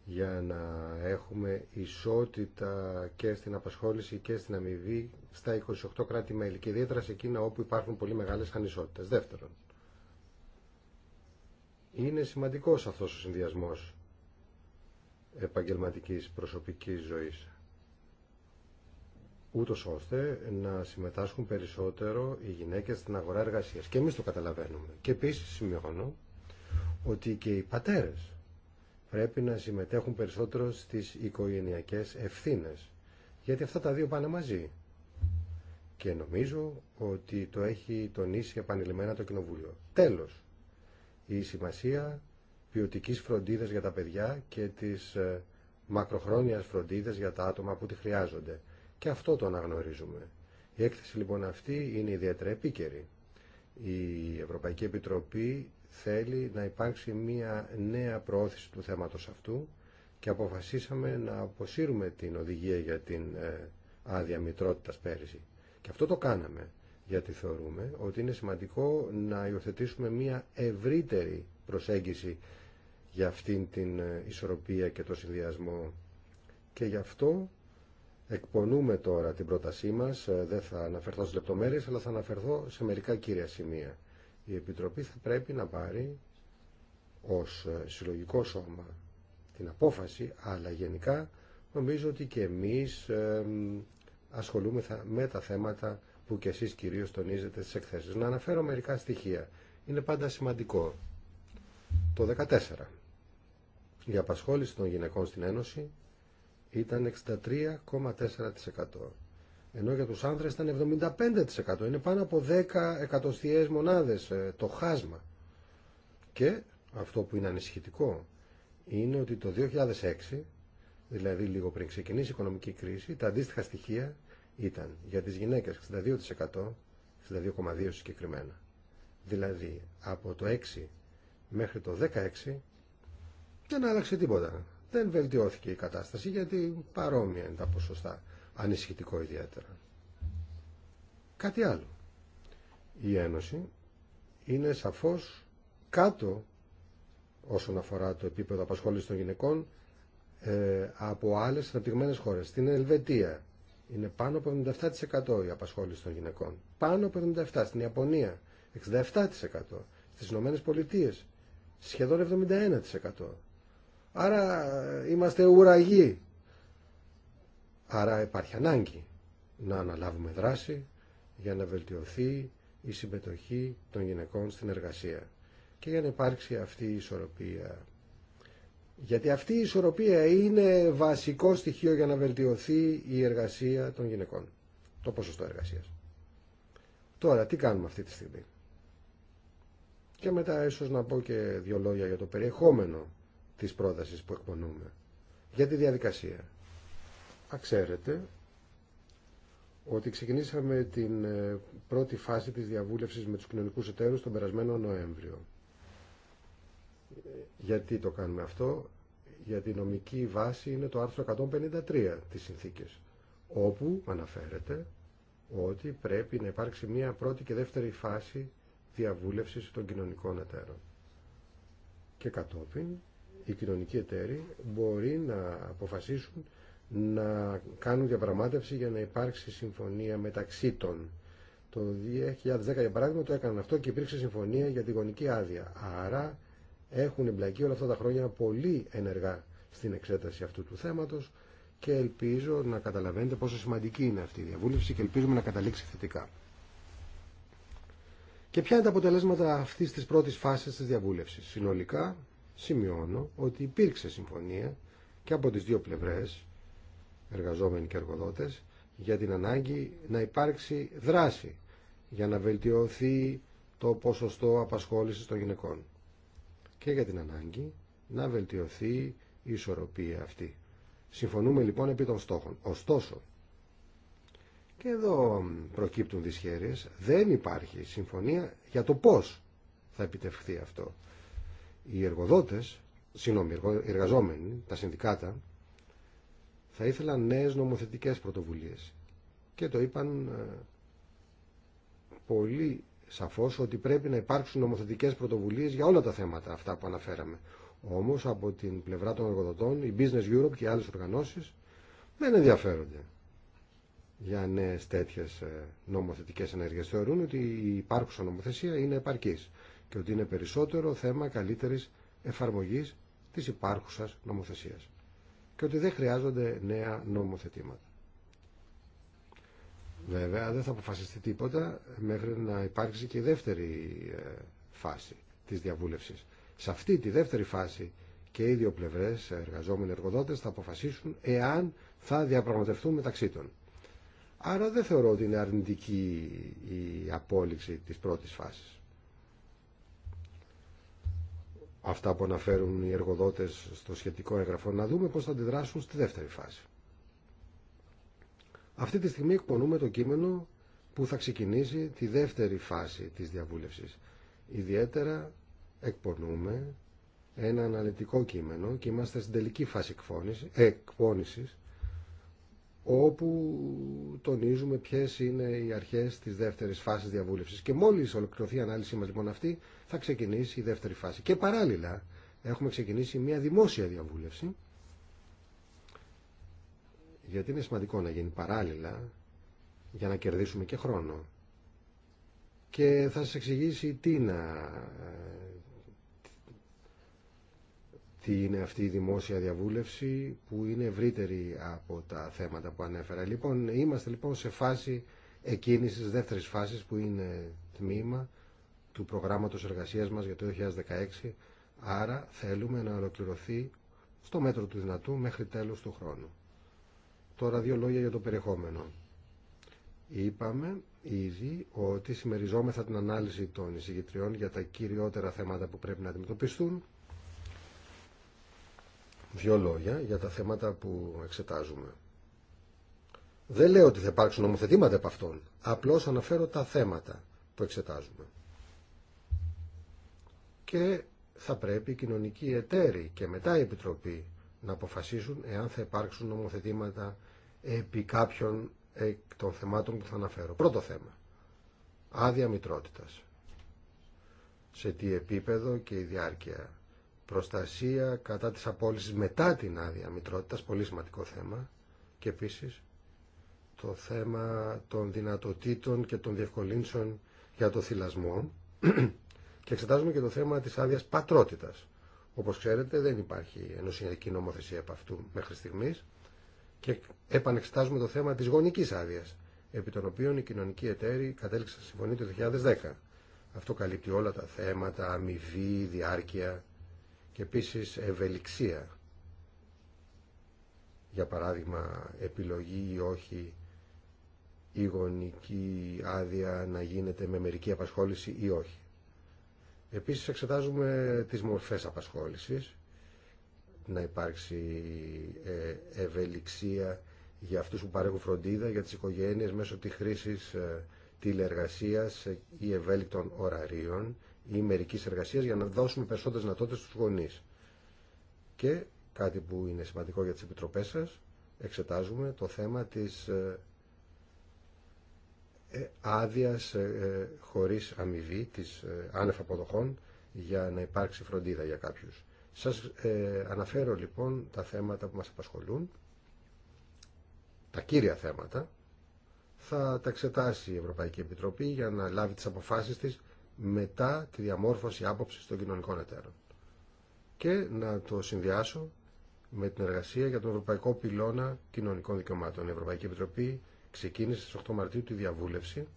B: για να έχουμε ισότητα και στην απασχόληση και στην αμοιβή στα 28 κράτη-μέλη και ιδιαίτερα σε εκείνα όπου υπάρχουν πολύ μεγάλες ανισότητες. Δεύτερον, είναι σημαντικός αυτός ο συνδυασμός επαγγελματικής προσωπικής ζωής ούτως ώστε να συμμετάσχουν περισσότερο οι γυναίκες στην αγορά εργασίας. Και εμείς το καταλαβαίνουμε. Και επίσης σημειώνω ότι και οι πατέρες πρέπει να συμμετέχουν περισσότερο στις οικογενειακές ευθύνες. Γιατί αυτά τα δύο πάνε μαζί. Και νομίζω ότι το έχει τονίσει επανειλημμένα το Κοινοβούλιο. Τέλος, η σημασία ποιοτική φροντίδας για τα παιδιά και της ε, μακροχρόνιας φροντίδας για τα άτομα που τη χρειάζονται. Και αυτό το αναγνωρίζουμε. Η έκθεση λοιπόν αυτή είναι ιδιαίτερα επίκαιρη. Η Ευρωπαϊκή Επιτροπή θέλει να υπάρξει μια νέα προώθηση του θέματος αυτού και αποφασίσαμε να αποσύρουμε την οδηγία για την ε, άδεια μητρότητας πέρυσι. Και αυτό το κάναμε γιατί θεωρούμε ότι είναι σημαντικό να υιοθετήσουμε μια ευρύτερη προσέγγιση για αυτήν την ε, ισορροπία και το συνδυασμό και γι' αυτό εκπονούμε τώρα την πρότασή μας ε, δεν θα αναφερθώ στις λεπτομέρειες αλλά θα αναφερθώ σε μερικά κύρια σημεία η Επιτροπή θα πρέπει να πάρει ως ε, συλλογικό σώμα την απόφαση αλλά γενικά νομίζω ότι και εμείς ασχολούμεθα με τα θέματα που κι εσείς κυρίως τονίζετε στις εκθέσεις. Να αναφέρω μερικά στοιχεία. Είναι πάντα σημαντικό. Το 14. Η απασχόληση των γυναικών στην Ένωση ήταν 63,4%. Ενώ για τους άνδρες ήταν 75%. Είναι πάνω από 10 εκατοστιαίες μονάδες ε, το χάσμα. Και αυτό που είναι ανησυχητικό είναι ότι το 2006, δηλαδή λίγο πριν ξεκινήσει η οικονομική κρίση, τα αντίστοιχα στοιχεία ήταν για τις γυναίκες 62%, 62,2% συγκεκριμένα. Δηλαδή από το 6% μέχρι το 16% δεν άλλαξε τίποτα. Δεν βελτιώθηκε η κατάσταση γιατί παρόμοια είναι τα ποσοστά. Ανησυχητικό ιδιαίτερα. Κάτι άλλο. Η Ένωση είναι σαφώς κάτω όσον αφορά το επίπεδο απασχόλησης των γυναικών ε, από άλλες αναπτυγμένες χώρες. Στην Ελβετία, είναι πάνω από 77% η απασχόληση των γυναικών. Πάνω από 77% στην Ιαπωνία, 67% στις Ηνωμένε Πολιτείες, σχεδόν 71%. Άρα ε, είμαστε ουραγοί. Άρα υπάρχει ανάγκη να αναλάβουμε δράση για να βελτιωθεί η συμμετοχή των γυναικών στην εργασία και για να υπάρξει αυτή η ισορροπία γιατί αυτή η ισορροπία είναι βασικό στοιχείο για να βελτιωθεί η εργασία των γυναικών. Το ποσοστό εργασίας. Τώρα, τι κάνουμε αυτή τη στιγμή. Και μετά ίσως να πω και δύο λόγια για το περιεχόμενο της πρότασης που εκπονούμε. Για τη διαδικασία. Αξέρετε ότι ξεκινήσαμε την ε, πρώτη φάση της διαβούλευσης με τους κοινωνικούς εταίρους τον περασμένο Νοέμβριο. Ε, γιατί το κάνουμε αυτό για την νομική βάση είναι το άρθρο 153 της συνθήκης, όπου αναφέρεται ότι πρέπει να υπάρξει μία πρώτη και δεύτερη φάση διαβούλευσης των κοινωνικών εταίρων. Και κατόπιν οι κοινωνικοί εταίροι μπορεί να αποφασίσουν να κάνουν διαπραγμάτευση για να υπάρξει συμφωνία μεταξύ των. Το 2010 για παράδειγμα το έκαναν αυτό και υπήρξε συμφωνία για τη γονική άδεια. Άρα έχουν εμπλακεί όλα αυτά τα χρόνια πολύ ενεργά στην εξέταση αυτού του θέματος και ελπίζω να καταλαβαίνετε πόσο σημαντική είναι αυτή η διαβούλευση και ελπίζουμε να καταλήξει θετικά. Και ποια είναι τα αποτελέσματα αυτής της πρώτης φάσης της διαβούλευσης. Συνολικά σημειώνω ότι υπήρξε συμφωνία και από τις δύο πλευρές, εργαζόμενοι και εργοδότες, για την ανάγκη να υπάρξει δράση για να βελτιωθεί το ποσοστό απασχόλησης των γυναικών και για την ανάγκη να βελτιωθεί η ισορροπία αυτή. Συμφωνούμε λοιπόν επί των στόχων. Ωστόσο, και εδώ προκύπτουν δυσχέρειες, δεν υπάρχει συμφωνία για το πώς θα επιτευχθεί αυτό. Οι εργοδότες, συγγνώμη, οι εργαζόμενοι, τα συνδικάτα, θα ήθελαν νέες νομοθετικές πρωτοβουλίες. Και το είπαν ε, πολύ σαφώς ότι πρέπει να υπάρξουν νομοθετικέ πρωτοβουλίες για όλα τα θέματα αυτά που αναφέραμε. Όμως από την πλευρά των εργοδοτών, η Business Europe και οι άλλε οργανώσεις δεν ενδιαφέρονται για νέε τέτοιε νομοθετικέ ενέργειε. Θεωρούν ότι η υπάρχουσα νομοθεσία είναι επαρκή και ότι είναι περισσότερο θέμα καλύτερη εφαρμογή τη υπάρχουσα νομοθεσία και ότι δεν χρειάζονται νέα νομοθετήματα. Βέβαια δεν θα αποφασιστεί τίποτα μέχρι να υπάρξει και η δεύτερη ε, φάση της διαβούλευσης. Σε αυτή τη δεύτερη φάση και οι δύο πλευρές, εργαζόμενοι εργοδότες, θα αποφασίσουν εάν θα διαπραγματευτούν μεταξύ των. Άρα δεν θεωρώ ότι είναι αρνητική η απόλυξη της πρώτης φάσης. Αυτά που αναφέρουν οι εργοδότες στο σχετικό έγγραφο, να δούμε πώς θα αντιδράσουν στη δεύτερη φάση. Αυτή τη στιγμή εκπονούμε το κείμενο που θα ξεκινήσει τη δεύτερη φάση της διαβούλευσης. Ιδιαίτερα εκπονούμε ένα αναλυτικό κείμενο και είμαστε στην τελική φάση ε, εκπόνησης όπου τονίζουμε ποιες είναι οι αρχές της δεύτερης φάσης διαβούλευσης. Και μόλις ολοκληρωθεί η ανάλυση μας λοιπόν αυτή θα ξεκινήσει η δεύτερη φάση. Και παράλληλα έχουμε ξεκινήσει μια δημόσια διαβούλευση γιατί είναι σημαντικό να γίνει παράλληλα για να κερδίσουμε και χρόνο. Και θα σας εξηγήσει τι, να, τι είναι αυτή η δημόσια διαβούλευση που είναι ευρύτερη από τα θέματα που ανέφερα. Λοιπόν, είμαστε λοιπόν σε φάση εκείνης της δεύτερης φάσης που είναι τμήμα του προγράμματος εργασίας μας για το 2016, άρα θέλουμε να ολοκληρωθεί στο μέτρο του δυνατού μέχρι τέλος του χρόνου. Τώρα δύο λόγια για το περιεχόμενο. Είπαμε ήδη ότι συμμεριζόμεθα την ανάλυση των εισηγητριών για τα κυριότερα θέματα που πρέπει να αντιμετωπιστούν. Δύο λόγια για τα θέματα που εξετάζουμε. Δεν λέω ότι θα υπάρξουν νομοθετήματα από αυτόν. Απλώς αναφέρω τα θέματα που εξετάζουμε. Και θα πρέπει οι κοινωνικοί εταίροι και μετά η Επιτροπή να αποφασίσουν εάν θα υπάρξουν νομοθετήματα επί κάποιων των θεμάτων που θα αναφέρω. Πρώτο θέμα. Άδεια μητρότητας. Σε τι επίπεδο και η διάρκεια. Προστασία κατά της απόλυσης μετά την άδεια μητρότητας. Πολύ σημαντικό θέμα. Και επίσης το θέμα των δυνατοτήτων και των διευκολύνσεων για το θυλασμό. [clears throat] και εξετάζουμε και το θέμα της άδεια πατρότητας. Όπως ξέρετε δεν υπάρχει ενωσιακή νομοθεσία από αυτού μέχρι στιγμής και επανεξετάζουμε το θέμα της γονικής άδειας, επί των οποίων κοινωνική κοινωνικοί κατέληξε κατέληξαν συμφωνία το 2010. Αυτό καλύπτει όλα τα θέματα, αμοιβή, διάρκεια και επίσης ευελιξία. Για παράδειγμα, επιλογή ή όχι η γονική άδεια να γίνεται με μερική απασχόληση ή όχι. Επίσης εξετάζουμε τις μορφές απασχόλησης, να υπάρξει ε, ευελιξία για αυτούς που παρέχουν φροντίδα, για τις οικογένειες μέσω της χρήσης ε, τηλεεργασίας ε, ή ευέλικτων ωραρίων ή μερικής εργασίας για να δώσουμε περισσότερες δυνατότητες στους γονείς. Και κάτι που είναι σημαντικό για τις επιτροπές σας, εξετάζουμε το θέμα της ε, άδεια ε, χωρίς αμοιβή της ε, άνευ αποδοχών για να υπάρξει φροντίδα για κάποιους. Σας αναφέρω λοιπόν τα θέματα που μας απασχολούν, τα κύρια θέματα. Θα τα εξετάσει η Ευρωπαϊκή Επιτροπή για να λάβει τις αποφάσεις της μετά τη διαμόρφωση άποψης των κοινωνικών εταίρων. Και να το συνδυάσω με την εργασία για τον Ευρωπαϊκό Πυλώνα Κοινωνικών Δικαιωμάτων. Η Ευρωπαϊκή Επιτροπή ξεκίνησε στις 8 Μαρτίου τη διαβούλευση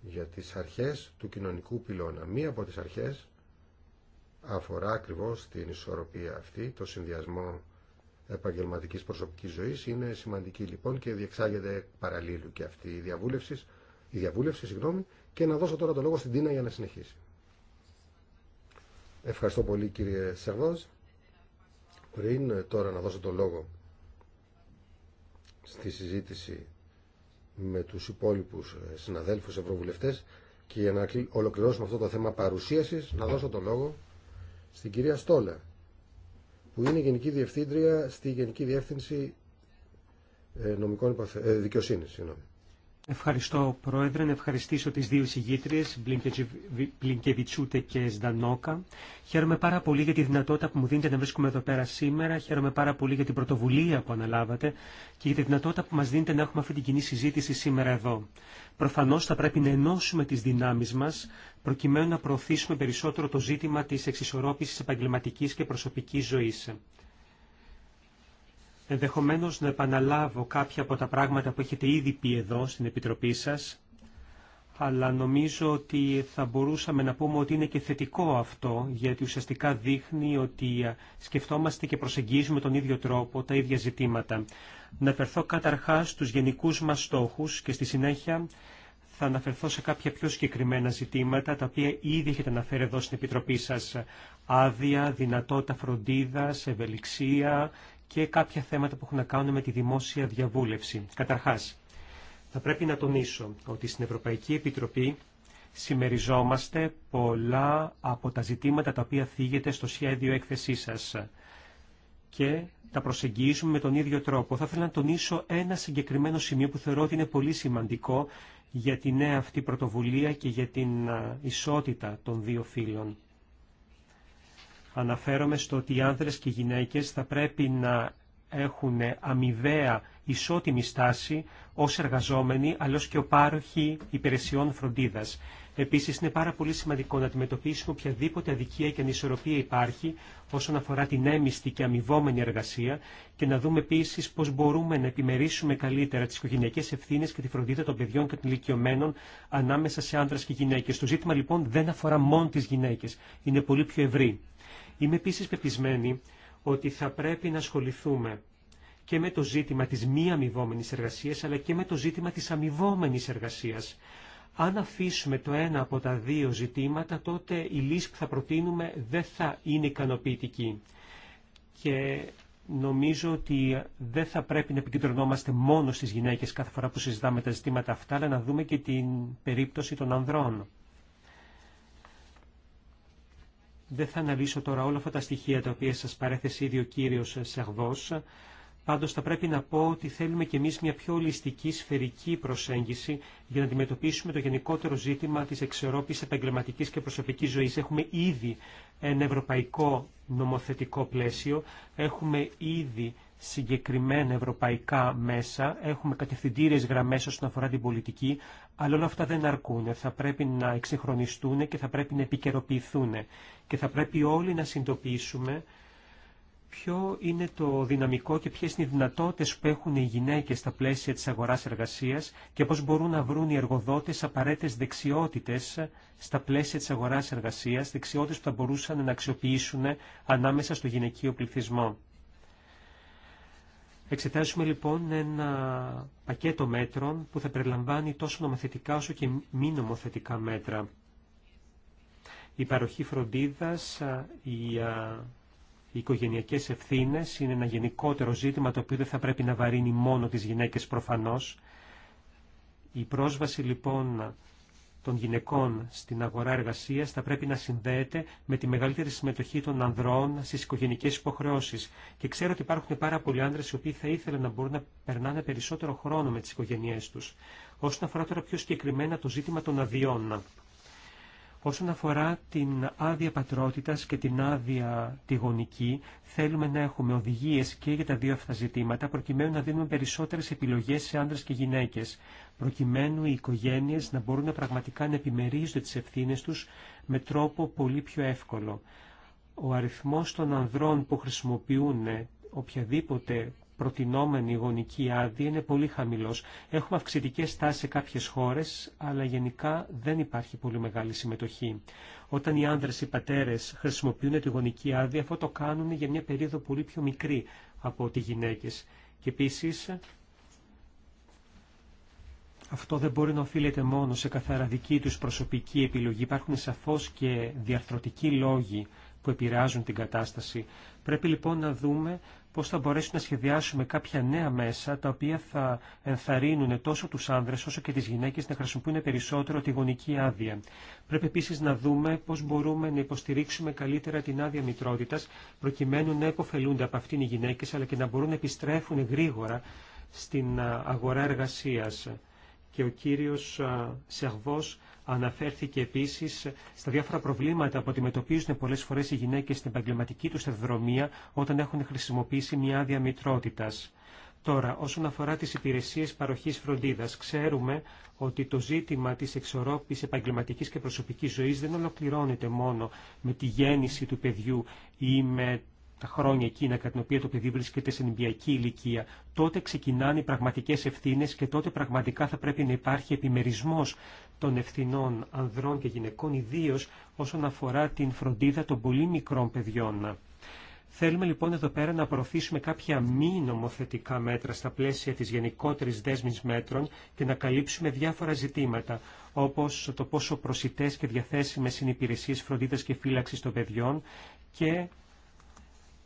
B: για τις αρχές του κοινωνικού πυλώνα. Μία από τις αρχές αφορά ακριβώς την ισορροπία αυτή, το συνδυασμό επαγγελματικής προσωπικής ζωής. Είναι σημαντική λοιπόν και διεξάγεται παραλίλου και αυτή η διαβούλευση, η διαβούλευση συγγνώμη, και να δώσω τώρα το λόγο στην Τίνα για να συνεχίσει. Ευχαριστώ πολύ κύριε Σερβός. Πριν τώρα να δώσω το λόγο στη συζήτηση με τους υπόλοιπους ε, συναδέλφους ευρωβουλευτές και για να ολοκληρώσουμε αυτό το θέμα παρουσίασης να δώσω το λόγο στην κυρία Στόλα που είναι Γενική Διευθύντρια στη Γενική Διεύθυνση ε, Νομικών ε, Δικαιοσύνης.
C: Ευχαριστώ, Πρόεδρε. Να ευχαριστήσω τις δύο συγγήτριες, Μπλινκεβιτσούτε και Στανόκα. Χαίρομαι πάρα πολύ για τη δυνατότητα που μου δίνετε να βρίσκουμε εδώ πέρα σήμερα. Χαίρομαι πάρα πολύ για την πρωτοβουλία που αναλάβατε και για τη δυνατότητα που μας δίνετε να έχουμε αυτή την κοινή συζήτηση σήμερα εδώ. Προφανώς θα πρέπει να ενώσουμε τις δυνάμεις μας προκειμένου να προωθήσουμε περισσότερο το ζήτημα της εξισορρόπησης επαγγελματικής και προσωπικής ζωής ενδεχομένως να επαναλάβω κάποια από τα πράγματα που έχετε ήδη πει εδώ στην Επιτροπή σας, αλλά νομίζω ότι θα μπορούσαμε να πούμε ότι είναι και θετικό αυτό, γιατί ουσιαστικά δείχνει ότι ε, σκεφτόμαστε και προσεγγίζουμε τον ίδιο τρόπο τα ίδια ζητήματα. Να αφαιρθώ καταρχάς στους γενικούς μας στόχους και στη συνέχεια θα αναφερθώ σε κάποια πιο συγκεκριμένα ζητήματα, τα οποία ήδη έχετε αναφέρει εδώ στην Επιτροπή σας. Άδεια, δυνατότητα φροντίδας, ευελιξία, και κάποια θέματα που έχουν να κάνουν με τη δημόσια διαβούλευση. Καταρχάς, θα πρέπει να τονίσω ότι στην Ευρωπαϊκή Επιτροπή συμμεριζόμαστε πολλά από τα ζητήματα τα οποία θίγεται στο σχέδιο έκθεσή σας και τα προσεγγίζουμε με τον ίδιο τρόπο. Θα ήθελα να τονίσω ένα συγκεκριμένο σημείο που θεωρώ ότι είναι πολύ σημαντικό για τη νέα αυτή πρωτοβουλία και για την ισότητα των δύο φύλων. Αναφέρομαι στο ότι οι άνδρες και οι γυναίκες θα πρέπει να έχουν αμοιβαία ισότιμη στάση ως εργαζόμενοι, αλλά και ο πάροχοι υπηρεσιών φροντίδας. Επίσης, είναι πάρα πολύ σημαντικό να αντιμετωπίσουμε οποιαδήποτε αδικία και ανισορροπία υπάρχει όσον αφορά την έμιστη και αμοιβόμενη εργασία και να δούμε επίσης πώς μπορούμε να επιμερίσουμε καλύτερα τις οικογενειακές ευθύνες και τη φροντίδα των παιδιών και των ηλικιωμένων ανάμεσα σε άνδρε και γυναίκες. Το ζήτημα λοιπόν δεν αφορά μόνο τις γυναίκες, είναι πολύ πιο ευρύ. Είμαι επίσης πεπισμένη ότι θα πρέπει να ασχοληθούμε και με το ζήτημα της μη αμοιβόμενη εργασίας, αλλά και με το ζήτημα της αμοιβόμενη εργασίας. Αν αφήσουμε το ένα από τα δύο ζητήματα, τότε η λύση που θα προτείνουμε δεν θα είναι ικανοποιητική. Και νομίζω ότι δεν θα πρέπει να επικεντρωνόμαστε μόνο στις γυναίκες κάθε φορά που συζητάμε τα ζητήματα αυτά, αλλά να δούμε και την περίπτωση των ανδρών. Δεν θα αναλύσω τώρα όλα αυτά τα στοιχεία τα οποία σας παρέθεσε ήδη ο κύριος Σερβός. Πάντως θα πρέπει να πω ότι θέλουμε και εμείς μια πιο ολιστική σφαιρική προσέγγιση για να αντιμετωπίσουμε το γενικότερο ζήτημα της εξορρόπησης επαγγελματική και προσωπικής ζωής. Έχουμε ήδη ένα ευρωπαϊκό νομοθετικό πλαίσιο, έχουμε ήδη συγκεκριμένα ευρωπαϊκά μέσα, έχουμε κατευθυντήριες γραμμές όσον αφορά την πολιτική, αλλά όλα αυτά δεν αρκούν. Θα πρέπει να εξυγχρονιστούν και θα πρέπει να επικαιροποιηθούν και θα πρέπει όλοι να συντοπίσουμε ποιο είναι το δυναμικό και ποιες είναι οι δυνατότητες που έχουν οι γυναίκες στα πλαίσια της αγοράς εργασίας και πώς μπορούν να βρουν οι εργοδότες απαραίτητες δεξιότητες στα πλαίσια της αγοράς εργασίας, δεξιότητες που θα μπορούσαν να αξιοποιήσουν ανάμεσα στο γυναικείο πληθυσμό εξετάσουμε λοιπόν ένα πακέτο μέτρων που θα περιλαμβάνει τόσο νομοθετικά όσο και μη νομοθετικά μέτρα. Η παροχή φροντίδας, οι, οι οικογενειακές ευθύνες είναι ένα γενικότερο ζήτημα το οποίο δεν θα πρέπει να βαρύνει μόνο τις γυναίκες προφανώς. Η πρόσβαση λοιπόν των γυναικών στην αγορά εργασία θα πρέπει να συνδέεται με τη μεγαλύτερη συμμετοχή των ανδρών στι οικογενικές υποχρεώσει. Και ξέρω ότι υπάρχουν πάρα πολλοί άντρε οι οποίοι θα ήθελαν να μπορούν να περνάνε περισσότερο χρόνο με τι οικογένειέ του. Όσον αφορά τώρα πιο συγκεκριμένα το ζήτημα των αδειών. Όσον αφορά την άδεια πατρότητας και την άδεια τη γονική, θέλουμε να έχουμε οδηγίες και για τα δύο αυτά ζητήματα, προκειμένου να δίνουμε περισσότερες επιλογές σε άντρες και γυναίκες, προκειμένου οι οικογένειες να μπορούν να πραγματικά να επιμερίζονται τις ευθύνες τους με τρόπο πολύ πιο εύκολο. Ο αριθμός των ανδρών που χρησιμοποιούν οποιαδήποτε προτινόμενη γονική άδεια είναι πολύ χαμηλός. Έχουμε αυξητικέ τάσει σε κάποιες χώρες, αλλά γενικά δεν υπάρχει πολύ μεγάλη συμμετοχή. Όταν οι άνδρες, οι πατέρες χρησιμοποιούν τη γονική άδεια, αυτό το κάνουν για μια περίοδο πολύ πιο μικρή από ότι γυναίκες. Και επίσης, αυτό δεν μπορεί να οφείλεται μόνο σε καθαρά δική τους προσωπική επιλογή. Υπάρχουν σαφώς και διαρθρωτικοί λόγοι που επηρεάζουν την κατάσταση. Πρέπει λοιπόν να δούμε πώς θα μπορέσουμε να σχεδιάσουμε κάποια νέα μέσα τα οποία θα ενθαρρύνουν τόσο τους άνδρες όσο και τις γυναίκες να χρησιμοποιούν περισσότερο τη γονική άδεια. Πρέπει επίσης να δούμε πώς μπορούμε να υποστηρίξουμε καλύτερα την άδεια μητρότητας προκειμένου να υποφελούνται από αυτήν οι γυναίκες αλλά και να μπορούν να επιστρέφουν γρήγορα στην ε, αγορά εργασίας. Και ο κύριος ε, Σερβός Αναφέρθηκε επίση στα διάφορα προβλήματα που αντιμετωπίζουν πολλέ φορέ οι γυναίκε στην επαγγελματική του ευδρομία όταν έχουν χρησιμοποιήσει μια άδεια μητρότητα. Τώρα, όσον αφορά τι υπηρεσίε παροχή φροντίδα, ξέρουμε ότι το ζήτημα τη εξορρόπηση επαγγελματική και προσωπική ζωή δεν ολοκληρώνεται μόνο με τη γέννηση του παιδιού ή με τα χρόνια εκείνα κατά την οποία το παιδί βρίσκεται σε νημπιακή ηλικία, τότε ξεκινάνε οι πραγματικέ ευθύνε και τότε πραγματικά θα πρέπει να υπάρχει επιμερισμό των ευθυνών ανδρών και γυναικών, ιδίω όσον αφορά την φροντίδα των πολύ μικρών παιδιών. Θέλουμε λοιπόν εδώ πέρα να προωθήσουμε κάποια μη νομοθετικά μέτρα στα πλαίσια της γενικότερης δέσμης μέτρων και να καλύψουμε διάφορα ζητήματα, όπως το πόσο προσιτές και διαθέσιμες είναι οι υπηρεσίες φροντίδας και φύλαξης των παιδιών και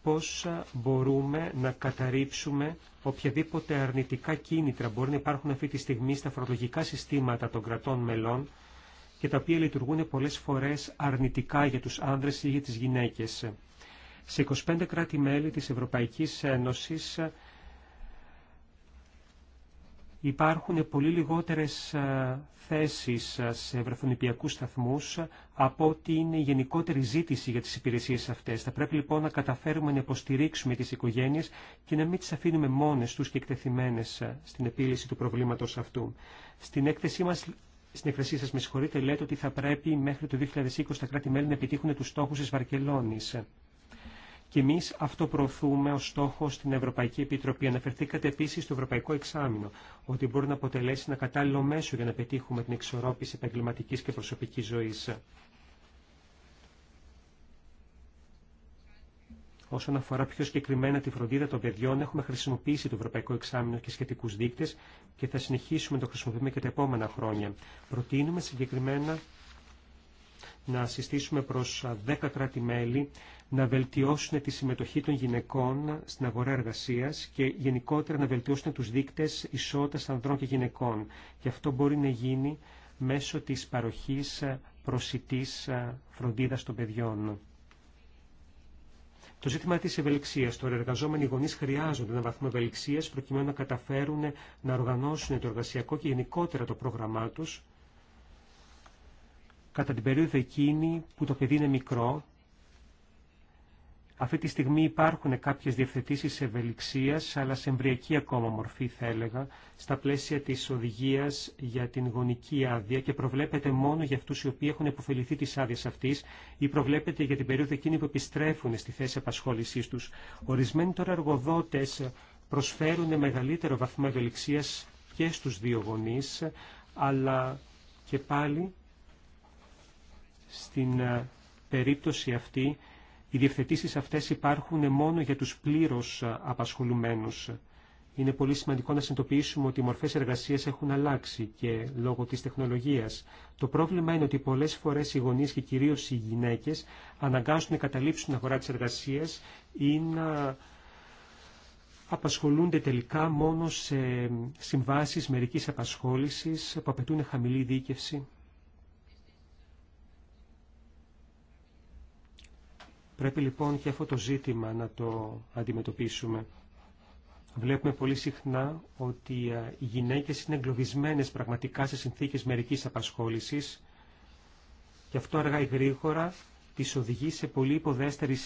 C: πώς μπορούμε να καταρρύψουμε οποιαδήποτε αρνητικά κίνητρα μπορεί να υπάρχουν αυτή τη στιγμή στα φορολογικά συστήματα των κρατών μελών και τα οποία λειτουργούν πολλές φορές αρνητικά για τους άνδρες ή για τις γυναίκες. Σε 25 κράτη-μέλη της Ευρωπαϊκής Ένωσης υπάρχουν πολύ λιγότερες ε, θέσεις ε, σε βρεφονιπιακούς σταθμούς ε, από ότι είναι η γενικότερη ζήτηση για τις υπηρεσίες αυτές. Θα πρέπει λοιπόν να καταφέρουμε να υποστηρίξουμε τις οικογένειες και να μην τις αφήνουμε μόνες τους και εκτεθειμένες στην επίλυση του προβλήματος αυτού. Στην έκθεσή μας στην εκθεσή σας, με συγχωρείτε, λέτε ότι θα πρέπει μέχρι το 2020 τα κράτη-μέλη να επιτύχουν τους στόχους της Βαρκελόνης. Και εμεί αυτό προωθούμε ω στόχο στην Ευρωπαϊκή Επιτροπή. Αναφερθήκατε επίση στο Ευρωπαϊκό Εξάμεινο, ότι μπορεί να αποτελέσει ένα κατάλληλο μέσο για να πετύχουμε την εξορρόπηση επαγγελματική και προσωπική ζωή. Όσον αφορά πιο συγκεκριμένα τη φροντίδα των παιδιών, έχουμε χρησιμοποιήσει το Ευρωπαϊκό Εξάμεινο και σχετικού δείκτε και θα συνεχίσουμε να το χρησιμοποιούμε και τα επόμενα χρόνια. Προτείνουμε συγκεκριμένα να συστήσουμε προς 10 κράτη-μέλη να βελτιώσουν τη συμμετοχή των γυναικών στην αγορά εργασίας και γενικότερα να βελτιώσουν τους δείκτες ισότητας ανδρών και γυναικών. Και αυτό μπορεί να γίνει μέσω της παροχής προσιτής φροντίδας των παιδιών. Το ζήτημα της ευελιξίας. Τώρα, οι εργαζόμενοι γονείς χρειάζονται ένα βαθμό ευελιξίας προκειμένου να καταφέρουν να οργανώσουν το εργασιακό και γενικότερα το πρόγραμμά τους κατά την περίοδο εκείνη που το παιδί είναι μικρό αυτή τη στιγμή υπάρχουν κάποιες διευθετήσεις ευελιξίας, αλλά σε εμβριακή ακόμα μορφή θα έλεγα, στα πλαίσια της οδηγίας για την γονική άδεια και προβλέπεται μόνο για αυτούς οι οποίοι έχουν υποφεληθεί της άδεια αυτής ή προβλέπεται για την περίοδο εκείνη που επιστρέφουν στη θέση απασχολήσή τους. Ορισμένοι τώρα εργοδότες προσφέρουν μεγαλύτερο βαθμό ευελιξίας και στους δύο γονείς, αλλά και πάλι στην ε, περίπτωση αυτή οι διευθετήσεις αυτές υπάρχουν μόνο για τους πλήρως απασχολουμένους. Είναι πολύ σημαντικό να συνειδητοποιήσουμε ότι οι μορφές εργασίας έχουν αλλάξει και λόγω της τεχνολογίας. Το πρόβλημα είναι ότι πολλές φορές οι γονείς και κυρίως οι γυναίκες αναγκάζουν να καταλήψουν την αγορά της εργασίας ή να απασχολούνται τελικά μόνο σε συμβάσεις μερικής απασχόλησης που απαιτούν χαμηλή δίκευση. Πρέπει λοιπόν και αυτό το ζήτημα να το αντιμετωπίσουμε. Βλέπουμε πολύ συχνά ότι ε, οι γυναίκες είναι εγκλωβισμένες πραγματικά σε συνθήκες μερικής απασχόλησης και αυτό αργά ή γρήγορα τις οδηγεί σε πολύ υποδέστερη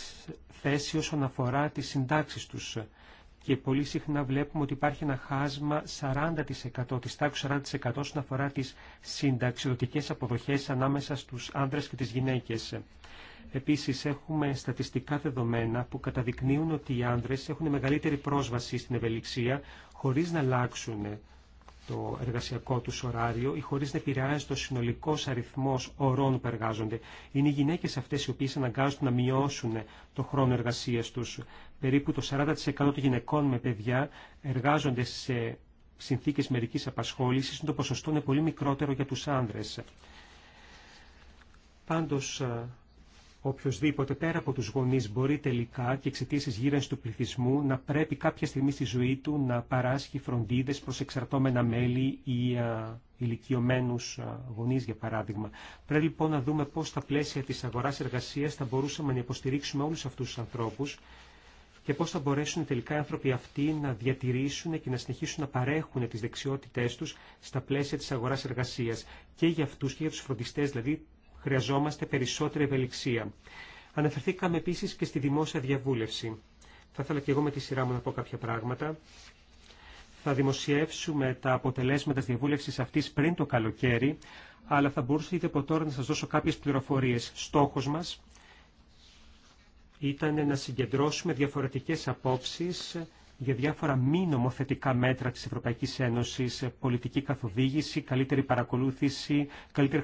C: θέση όσον αφορά τις συντάξεις τους. Και πολύ συχνά βλέπουμε ότι υπάρχει ένα χάσμα 40% της τάξης 40% όσον αφορά τις συνταξιδοτικές αποδοχές ανάμεσα στους άνδρες και τις γυναίκες. Επίσης έχουμε στατιστικά δεδομένα που καταδεικνύουν ότι οι άνδρες έχουν μεγαλύτερη πρόσβαση στην ευελιξία χωρίς να αλλάξουν το εργασιακό του ωράριο ή χωρίς να επηρεάζει το συνολικό αριθμό ωρών που εργάζονται. Είναι οι γυναίκες αυτές οι οποίες αναγκάζονται να μειώσουν το χρόνο εργασίας τους. Περίπου το 40% των γυναικών με παιδιά εργάζονται σε συνθήκε μερική απασχόληση, το ποσοστό είναι πολύ μικρότερο για τους άνδρες. Πάντως, οποιοδήποτε πέρα από τους γονείς μπορεί τελικά και εξαιτία γύρω του πληθυσμού να πρέπει κάποια στιγμή στη ζωή του να παράσχει φροντίδες προς εξαρτώμενα μέλη ή α, ηλικιωμένους α, γονείς για παράδειγμα. Πρέπει λοιπόν να δούμε πώς στα πλαίσια της αγοράς εργασίας θα μπορούσαμε να υποστηρίξουμε όλους αυτούς τους ανθρώπους και πώς θα μπορέσουν τελικά οι άνθρωποι αυτοί να διατηρήσουν και να συνεχίσουν να παρέχουν τις δεξιότητές τους στα πλαίσια της αγοράς εργασίας και για αυτούς και για τους φροντιστές δηλαδή Χρειαζόμαστε περισσότερη ευελιξία. Αναφερθήκαμε επίση και στη δημόσια διαβούλευση. Θα ήθελα και εγώ με τη σειρά μου να πω κάποια πράγματα. Θα δημοσιεύσουμε τα αποτελέσματα τη διαβούλευση αυτή πριν το καλοκαίρι, αλλά θα μπορούσα ήδη από τώρα να σα δώσω κάποιε πληροφορίε. Στόχο μα ήταν να συγκεντρώσουμε διαφορετικέ απόψει για διάφορα μη νομοθετικά μέτρα της Ευρωπαϊκής Ένωσης, ε, πολιτική καθοδήγηση, καλύτερη παρακολούθηση, καλύτερη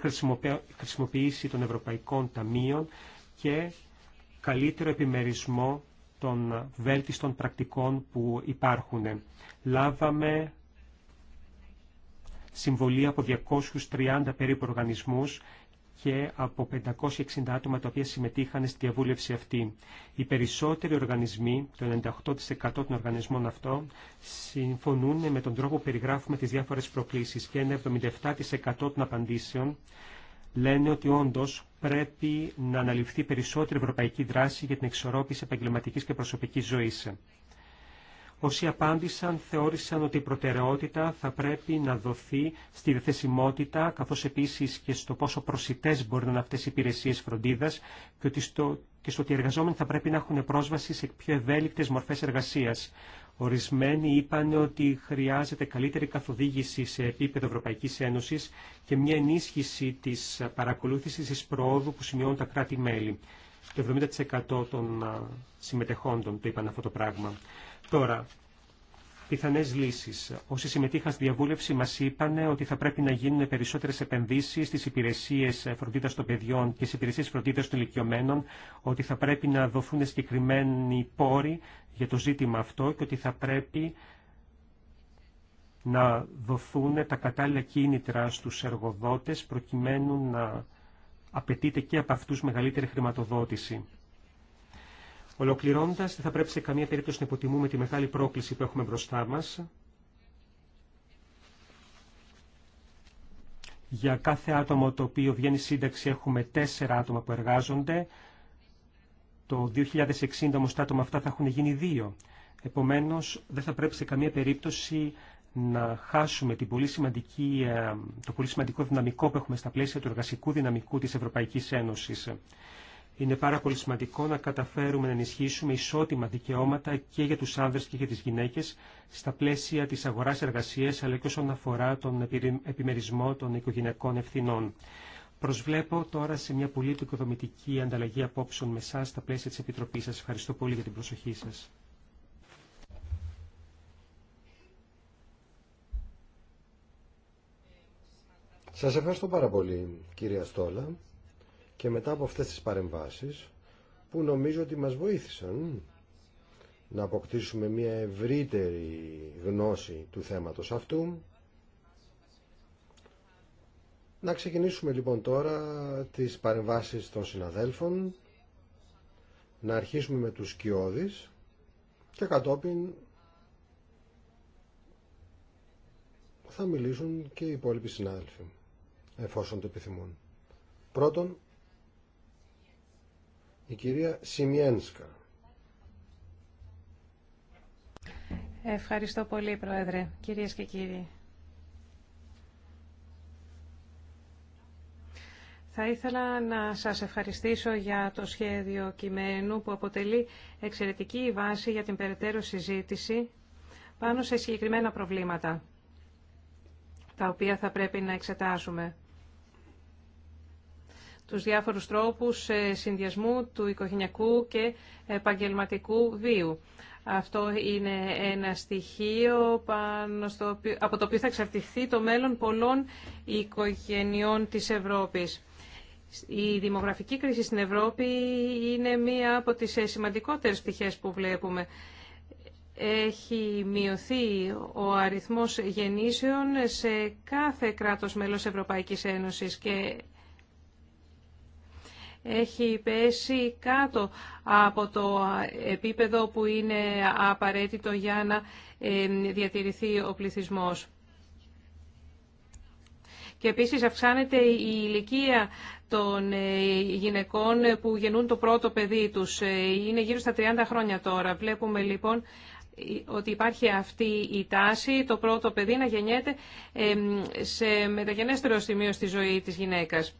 C: χρησιμοποίηση των Ευρωπαϊκών Ταμείων και καλύτερο επιμερισμό των βέλτιστων πρακτικών που υπάρχουν. Λάβαμε συμβολή από 230 περίπου οργανισμούς και από 560 άτομα τα οποία συμμετείχαν στη διαβούλευση αυτή. Οι περισσότεροι οργανισμοί, το 98% των οργανισμών αυτό, συμφωνούν με τον τρόπο που περιγράφουμε τις διάφορες προκλήσεις και ένα 77% των απαντήσεων λένε ότι όντως πρέπει να αναλυφθεί περισσότερη ευρωπαϊκή δράση για την εξορρόπηση επαγγελματική και προσωπικής ζωής. Όσοι απάντησαν θεώρησαν ότι η προτεραιότητα θα πρέπει να δοθεί στη διαθεσιμότητα καθώς επίσης και στο πόσο προσιτές μπορεί να είναι αυτές οι υπηρεσίες φροντίδας και, στο, και στο ότι οι εργαζόμενοι θα πρέπει να έχουν πρόσβαση σε πιο ευέλικτες μορφές εργασίας. Ορισμένοι είπαν ότι χρειάζεται καλύτερη καθοδήγηση σε επίπεδο Ευρωπαϊκής Ένωσης και μια ενίσχυση της παρακολούθησης της προόδου που σημειώνουν τα κράτη-μέλη. Το 70% των συμμετεχόντων το είπαν αυτό το πράγμα. Τώρα, πιθανέ λύσεις. Όσοι συμμετείχαν στη διαβούλευση μας είπαν ότι θα πρέπει να γίνουν περισσότερες επενδύσεις στις υπηρεσίες φροντίδα των παιδιών και στις υπηρεσίες φροντίδα των ηλικιωμένων, ότι θα πρέπει να δοθούν συγκεκριμένοι πόροι για το ζήτημα αυτό και ότι θα πρέπει να δοθούν τα κατάλληλα κίνητρα στους εργοδότες προκειμένου να απαιτείται και από αυτούς μεγαλύτερη χρηματοδότηση. Ολοκληρώνοντα, δεν θα πρέπει σε καμία περίπτωση να υποτιμούμε τη μεγάλη πρόκληση που έχουμε μπροστά μα. Για κάθε άτομο το οποίο βγαίνει σύνταξη έχουμε τέσσερα άτομα που εργάζονται. Το 2060 όμως τα άτομα αυτά θα έχουν γίνει δύο. Επομένως δεν θα πρέπει σε καμία περίπτωση να χάσουμε την πολύ σημαντική, ε, το πολύ σημαντικό δυναμικό που έχουμε στα πλαίσια του εργασικού δυναμικού της Ευρωπαϊκής Ένωσης είναι πάρα πολύ σημαντικό να καταφέρουμε να ενισχύσουμε ισότιμα δικαιώματα και για τους άνδρες και για τις γυναίκες στα πλαίσια της αγοράς εργασίας αλλά και όσον αφορά τον επιμερισμό των οικογενειακών ευθυνών. Προσβλέπω τώρα σε μια πολύ οικοδομητική ανταλλαγή απόψεων με εσάς στα πλαίσια της Επιτροπής σας. Ευχαριστώ πολύ για την προσοχή σας. Σας ευχαριστώ πάρα
B: πολύ κυρία Στόλα και μετά από αυτές τις παρεμβάσεις που νομίζω ότι μας βοήθησαν να αποκτήσουμε μια ευρύτερη γνώση του θέματος αυτού. Να ξεκινήσουμε λοιπόν τώρα τις παρεμβάσεις των συναδέλφων, να αρχίσουμε με τους σκιώδεις και κατόπιν θα μιλήσουν και οι υπόλοιποι συνάδελφοι, εφόσον το επιθυμούν. Πρώτον, η κυρία Σιμιένσκα.
A: Ευχαριστώ πολύ, Πρόεδρε, κυρίες και κύριοι. Θα ήθελα να σας ευχαριστήσω για το σχέδιο κειμένου που αποτελεί εξαιρετική βάση για την περαιτέρω συζήτηση πάνω σε συγκεκριμένα προβλήματα, τα οποία θα πρέπει να εξετάσουμε τους διάφορους τρόπους ε, συνδυασμού του οικογενειακού και επαγγελματικού βίου. Αυτό είναι ένα στοιχείο πάνω στο οποίο, από το οποίο θα εξαρτηθεί το μέλλον πολλών οικογενειών της Ευρώπης. Η δημογραφική κρίση στην Ευρώπη είναι μία από τις ε, σημαντικότερες πτυχές που βλέπουμε. Έχει μειωθεί ο αριθμός γεννήσεων σε κάθε κράτος μέλος Ευρωπαϊκής Ένωσης και έχει πέσει κάτω από το επίπεδο που είναι απαραίτητο για να διατηρηθεί ο πληθυσμός. Και επίσης αυξάνεται η ηλικία των ε, γυναικών που γεννούν το πρώτο παιδί τους. Ε, είναι γύρω στα 30 χρόνια τώρα. Βλέπουμε λοιπόν ε, ότι υπάρχει αυτή η τάση, το πρώτο παιδί να γεννιέται σε μεταγενέστερο σημείο στη ζωή της γυναίκας.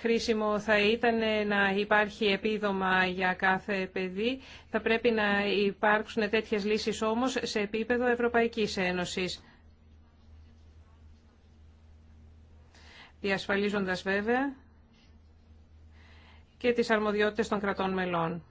A: Χρήσιμο θα ήταν να υπάρχει επίδομα για κάθε παιδί. Θα πρέπει να υπάρξουν τέτοιες λύσεις όμως σε επίπεδο Ευρωπαϊκής Ένωσης. Διασφαλίζοντας βέβαια και τις αρμοδιότητες των κρατών μελών.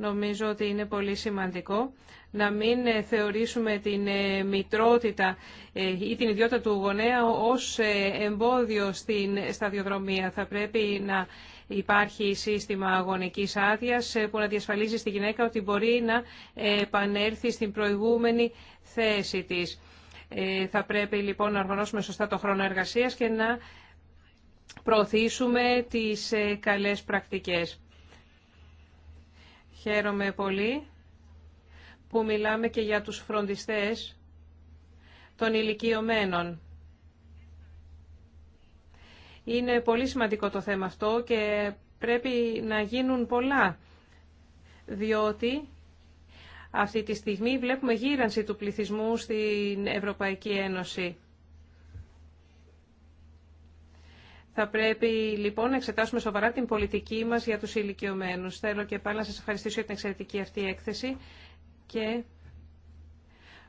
A: Νομίζω ότι είναι πολύ σημαντικό να μην θεωρήσουμε την ε, μητρότητα ε, ή την ιδιότητα του γονέα ως ε, εμπόδιο στην σταδιοδρομία. Θα πρέπει να υπάρχει σύστημα αγωνικής άδεια που να διασφαλίζει στη γυναίκα ότι μπορεί να επανέλθει στην προηγούμενη θέση της. Θα πρέπει λοιπόν να οργανώσουμε σωστά το χρόνο εργασίας και να προωθήσουμε τις καλές πρακτικές. Χαίρομαι πολύ που μιλάμε και για τους φροντιστές των ηλικιωμένων. Είναι πολύ σημαντικό το θέμα αυτό και πρέπει να γίνουν πολλά, διότι αυτή τη στιγμή βλέπουμε γύρανση του πληθυσμού στην Ευρωπαϊκή Ένωση. Θα πρέπει λοιπόν να εξετάσουμε σοβαρά την πολιτική μας για τους ηλικιωμένου. Θέλω και πάλι να σας ευχαριστήσω για την εξαιρετική αυτή έκθεση και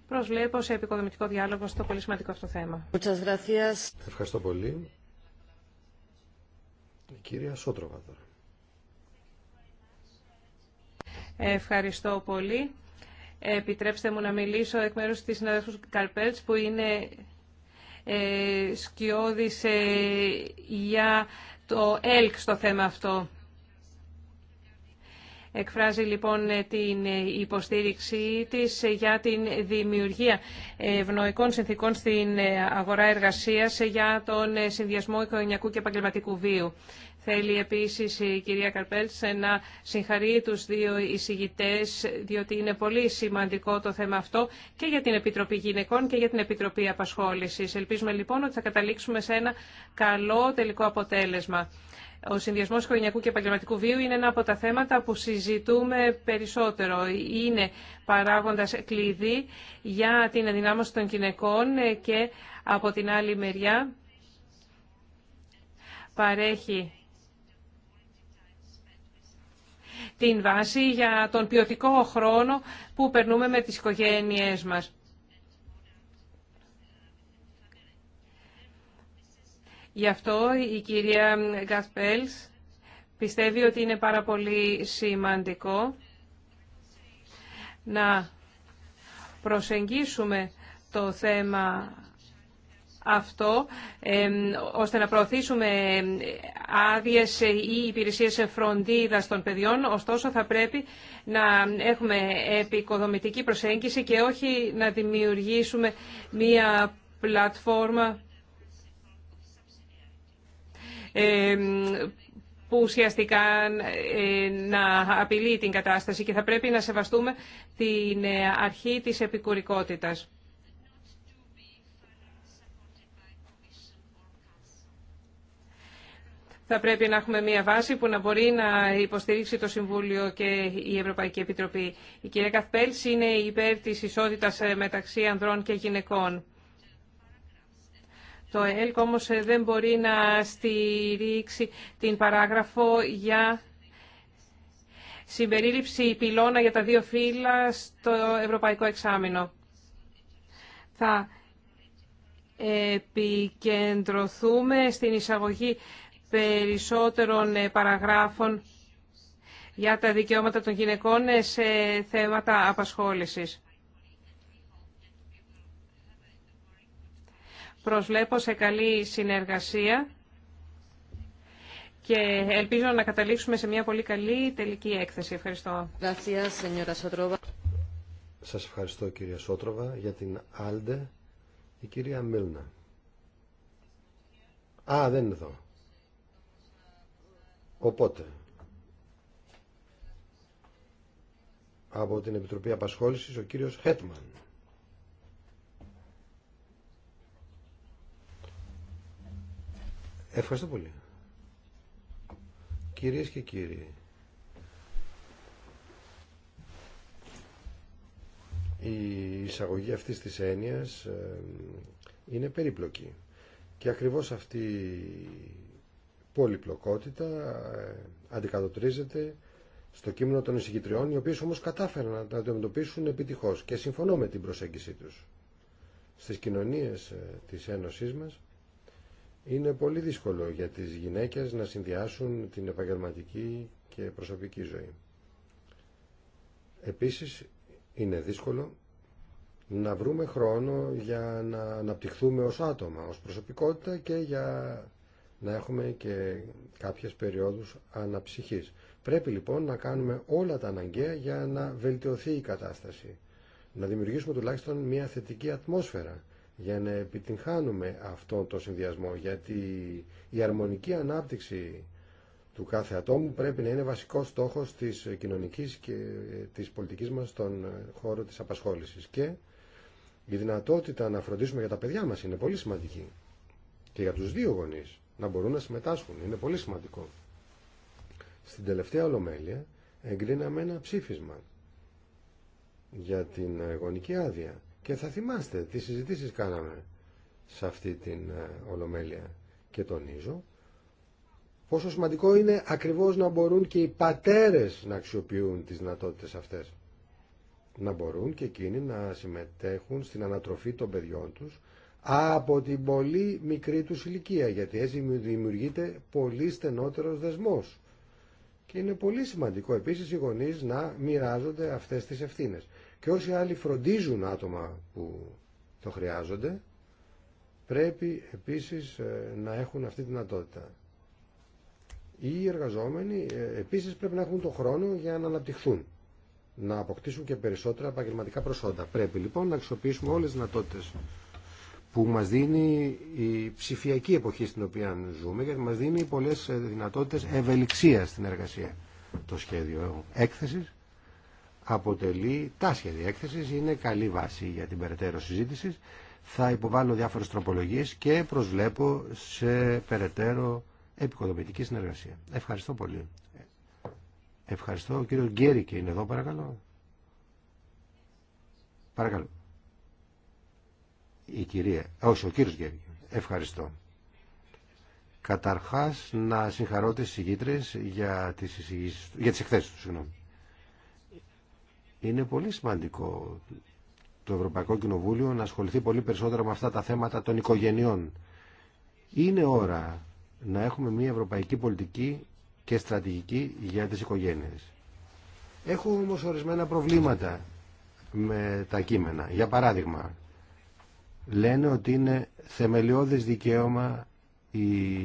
A: προσβλέπω σε επικοδομητικό διάλογο στο πολύ σημαντικό αυτό θέμα.
B: Ευχαριστώ πολύ. κυρία Σότροβα τώρα.
A: Ευχαριστώ πολύ. Επιτρέψτε μου να μιλήσω εκ μέρους της συναδέλφου Καρπέλτς που είναι ε, σκιώδης ε, για το ΕΛΚ στο θέμα αυτό. Εκφράζει λοιπόν ε, την υποστήριξή της για την δημιουργία ευνοϊκών συνθήκων στην αγορά εργασίας για τον συνδυασμό οικογενειακού και επαγγελματικού βίου. Θέλει επίσης η κυρία Καρπέλτς να συγχαρεί τους δύο εισηγητές, διότι είναι πολύ σημαντικό το θέμα αυτό και για την Επιτροπή Γυναικών και για την Επιτροπή Απασχόλησης. Ελπίζουμε λοιπόν ότι θα καταλήξουμε σε ένα καλό τελικό αποτέλεσμα. Ο συνδυασμό οικογενειακού και επαγγελματικού βίου είναι ένα από τα θέματα που συζητούμε περισσότερο. Είναι παράγοντα κλειδί για την ενδυνάμωση των γυναικών και από την άλλη μεριά παρέχει την βάση για τον ποιοτικό χρόνο που περνούμε με τις οικογένειές μας. Γι' αυτό η κυρία Γκασπέλς πιστεύει ότι είναι πάρα πολύ σημαντικό να προσεγγίσουμε το θέμα αυτό ώστε να προωθήσουμε άδειε ή υπηρεσίες φροντίδας των παιδιών. Ωστόσο θα πρέπει να έχουμε επικοδομητική προσέγγιση και όχι να δημιουργήσουμε μία πλατφόρμα που ουσιαστικά ε, να απειλεί την κατάσταση και θα πρέπει να σεβαστούμε την ε, αρχή της επικουρικότητας. θα πρέπει να έχουμε μία βάση που να μπορεί να υποστηρίξει το Συμβούλιο και η Ευρωπαϊκή Επιτροπή. Η κυρία Καθπέλς είναι υπέρ της ισότητας ε, μεταξύ ανδρών και γυναικών. Το ΕΛΚ όμως ε, δεν μπορεί να στηρίξει την παράγραφο για συμπερίληψη πυλώνα για τα δύο φύλλα στο Ευρωπαϊκό Εξάμεινο. Θα επικεντρωθούμε στην εισαγωγή περισσότερων ε, παραγράφων για τα δικαιώματα των γυναικών ε, σε θέματα απασχόλησης. Προσβλέπω σε καλή συνεργασία και ελπίζω να καταλήξουμε σε μια πολύ καλή τελική έκθεση. Ευχαριστώ.
B: Σας ευχαριστώ κυρία Σότροβα για την Άλντε, η κυρία Μίλνα. Α, δεν είναι εδώ. Οπότε, από την Επιτροπή Απασχόλησης, ο κύριος Χέτμαν. Ευχαριστώ πολύ. Κυρίες και κύριοι, η εισαγωγή αυτής της έννοιας ε, είναι περίπλοκη. Και ακριβώς αυτή πολυπλοκότητα ε, αντικατοπτρίζεται στο κείμενο των εισηγητριών, οι οποίε όμω κατάφεραν να αντιμετωπίσουν επιτυχώ και συμφωνώ με την προσέγγιση του. Στι κοινωνίε ε, τη Ένωση μα είναι πολύ δύσκολο για τι γυναίκε να συνδυάσουν την επαγγελματική και προσωπική ζωή. Επίσης είναι δύσκολο να βρούμε χρόνο για να αναπτυχθούμε ως άτομα, ως προσωπικότητα και για να έχουμε και κάποιες περιόδους αναψυχής. Πρέπει λοιπόν να κάνουμε όλα τα αναγκαία για να βελτιωθεί η κατάσταση. Να δημιουργήσουμε τουλάχιστον μια θετική ατμόσφαιρα για να επιτυγχάνουμε αυτόν τον συνδυασμό γιατί η αρμονική ανάπτυξη του κάθε ατόμου πρέπει να είναι βασικός στόχος της κοινωνικής και της πολιτικής μας στον χώρο της απασχόλησης και η δυνατότητα να φροντίσουμε για τα παιδιά μας είναι πολύ σημαντική και για τους δύο γονείς να μπορούν να συμμετάσχουν. Είναι πολύ σημαντικό. Στην τελευταία ολομέλεια εγκρίναμε ένα ψήφισμα για την ε, γονική άδεια και θα θυμάστε τι συζητήσεις κάναμε σε αυτή την ε, ολομέλεια και τονίζω πόσο σημαντικό είναι ακριβώς να μπορούν και οι πατέρες να αξιοποιούν τις δυνατότητες αυτές. Να μπορούν και εκείνοι να συμμετέχουν στην ανατροφή των παιδιών τους από την πολύ μικρή του ηλικία γιατί έτσι δημιουργείται πολύ στενότερος δεσμός και είναι πολύ σημαντικό επίσης οι γονείς να μοιράζονται αυτές τις ευθύνες και όσοι άλλοι φροντίζουν άτομα που το χρειάζονται πρέπει επίσης ε, να έχουν αυτή τη δυνατότητα οι εργαζόμενοι ε, επίσης πρέπει να έχουν το χρόνο για να αναπτυχθούν να αποκτήσουν και περισσότερα επαγγελματικά προσόντα πρέπει λοιπόν να αξιοποιήσουμε όλες τις δυνατότητες που μας δίνει η ψηφιακή εποχή στην οποία ζούμε γιατί μας δίνει πολλές ε, δυνατότητες ευελιξίας στην εργασία. Το σχέδιο έκθεσης αποτελεί τα σχέδια έκθεσης, είναι καλή βάση για την περαιτέρω συζήτηση. Θα υποβάλω διάφορες τροπολογίες και προσβλέπω σε περαιτέρω επικοδομητική συνεργασία. Ευχαριστώ πολύ. Ευχαριστώ. Ο κύριος Γκέρικε είναι εδώ παρακαλώ. Παρακαλώ η κυρία, όχι ο κύριος Γκέρι. Ευχαριστώ. Καταρχάς να συγχαρώ τις συγγήτρες για τις, εισηγήσεις, για τις του. Είναι πολύ σημαντικό το Ευρωπαϊκό Κοινοβούλιο να ασχοληθεί πολύ περισσότερο με αυτά τα θέματα των οικογενειών. Είναι ώρα να έχουμε μια ευρωπαϊκή πολιτική και στρατηγική για τις οικογένειες. Έχω όμως ορισμένα προβλήματα με τα κείμενα. Για παράδειγμα, λένε ότι είναι θεμελιώδες δικαίωμα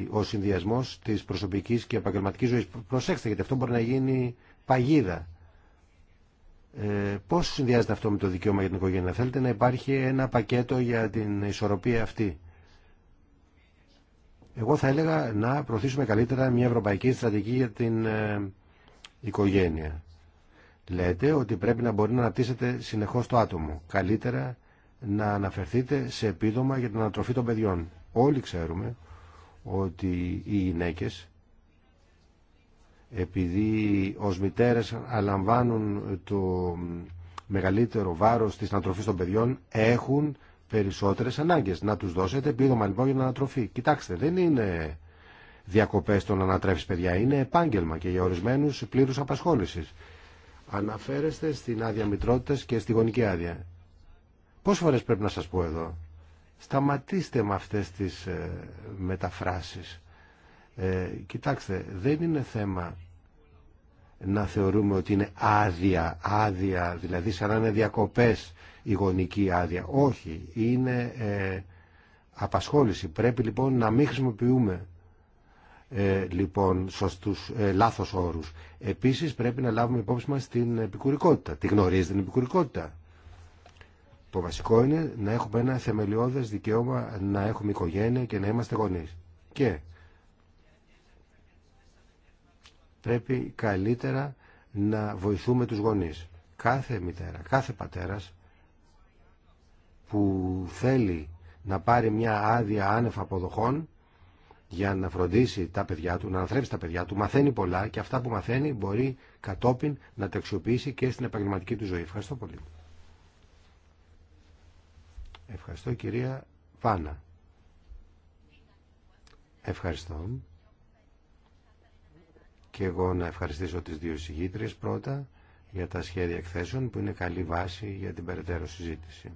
B: ο συνδυασμός της προσωπικής και επαγγελματικής ζωής. Προσέξτε γιατί αυτό μπορεί να γίνει παγίδα. Ε, πώς συνδυάζεται αυτό με το δικαίωμα για την οικογένεια. Θέλετε να υπάρχει ένα πακέτο για την ισορροπία αυτή. Εγώ θα έλεγα να προωθήσουμε καλύτερα μια ευρωπαϊκή στρατηγική για την ε, οικογένεια. Λέτε ότι πρέπει να μπορεί να αναπτύσσεται συνεχώς το άτομο. Καλύτερα να αναφερθείτε σε επίδομα για την ανατροφή των παιδιών. Όλοι ξέρουμε ότι οι γυναίκες επειδή ως μητέρες αλαμβάνουν το μεγαλύτερο βάρος της ανατροφής των παιδιών έχουν περισσότερες ανάγκες. Να τους δώσετε επίδομα λοιπόν για την ανατροφή. Κοιτάξτε, δεν είναι διακοπές των να παιδιά. Είναι επάγγελμα και για ορισμένους πλήρους απασχόλησης. Αναφέρεστε στην άδεια μητρότητας και στη γονική άδεια. Πόσες φορές πρέπει να σας πω εδώ. Σταματήστε με αυτές τις ε, μεταφράσεις. Ε, κοιτάξτε, δεν είναι θέμα να θεωρούμε ότι είναι άδεια, άδεια, δηλαδή σαν να είναι διακοπές η γονική άδεια. Όχι, είναι ε, απασχόληση. Πρέπει λοιπόν να μην χρησιμοποιούμε ε, λοιπόν σωστούς, ε, λάθος όρους. Επίσης πρέπει να λάβουμε υπόψη μας την επικουρικότητα. Τη γνωρίζει την επικουρικότητα. Το βασικό είναι να έχουμε ένα θεμελιώδες δικαίωμα να έχουμε οικογένεια και να είμαστε γονείς. Και πρέπει καλύτερα να βοηθούμε τους γονείς. Κάθε μητέρα, κάθε πατέρας που θέλει να πάρει μια άδεια άνευ αποδοχών για να φροντίσει τα παιδιά του, να ανθρέψει τα παιδιά του, μαθαίνει πολλά και αυτά που μαθαίνει μπορεί κατόπιν να τα αξιοποιήσει και στην επαγγελματική του ζωή. Ευχαριστώ πολύ. Ευχαριστώ κυρία Βάνα. Ευχαριστώ. Και εγώ να ευχαριστήσω τις δύο συγγήτριες πρώτα για τα σχέδια εκθέσεων που είναι καλή βάση για την περαιτέρω συζήτηση.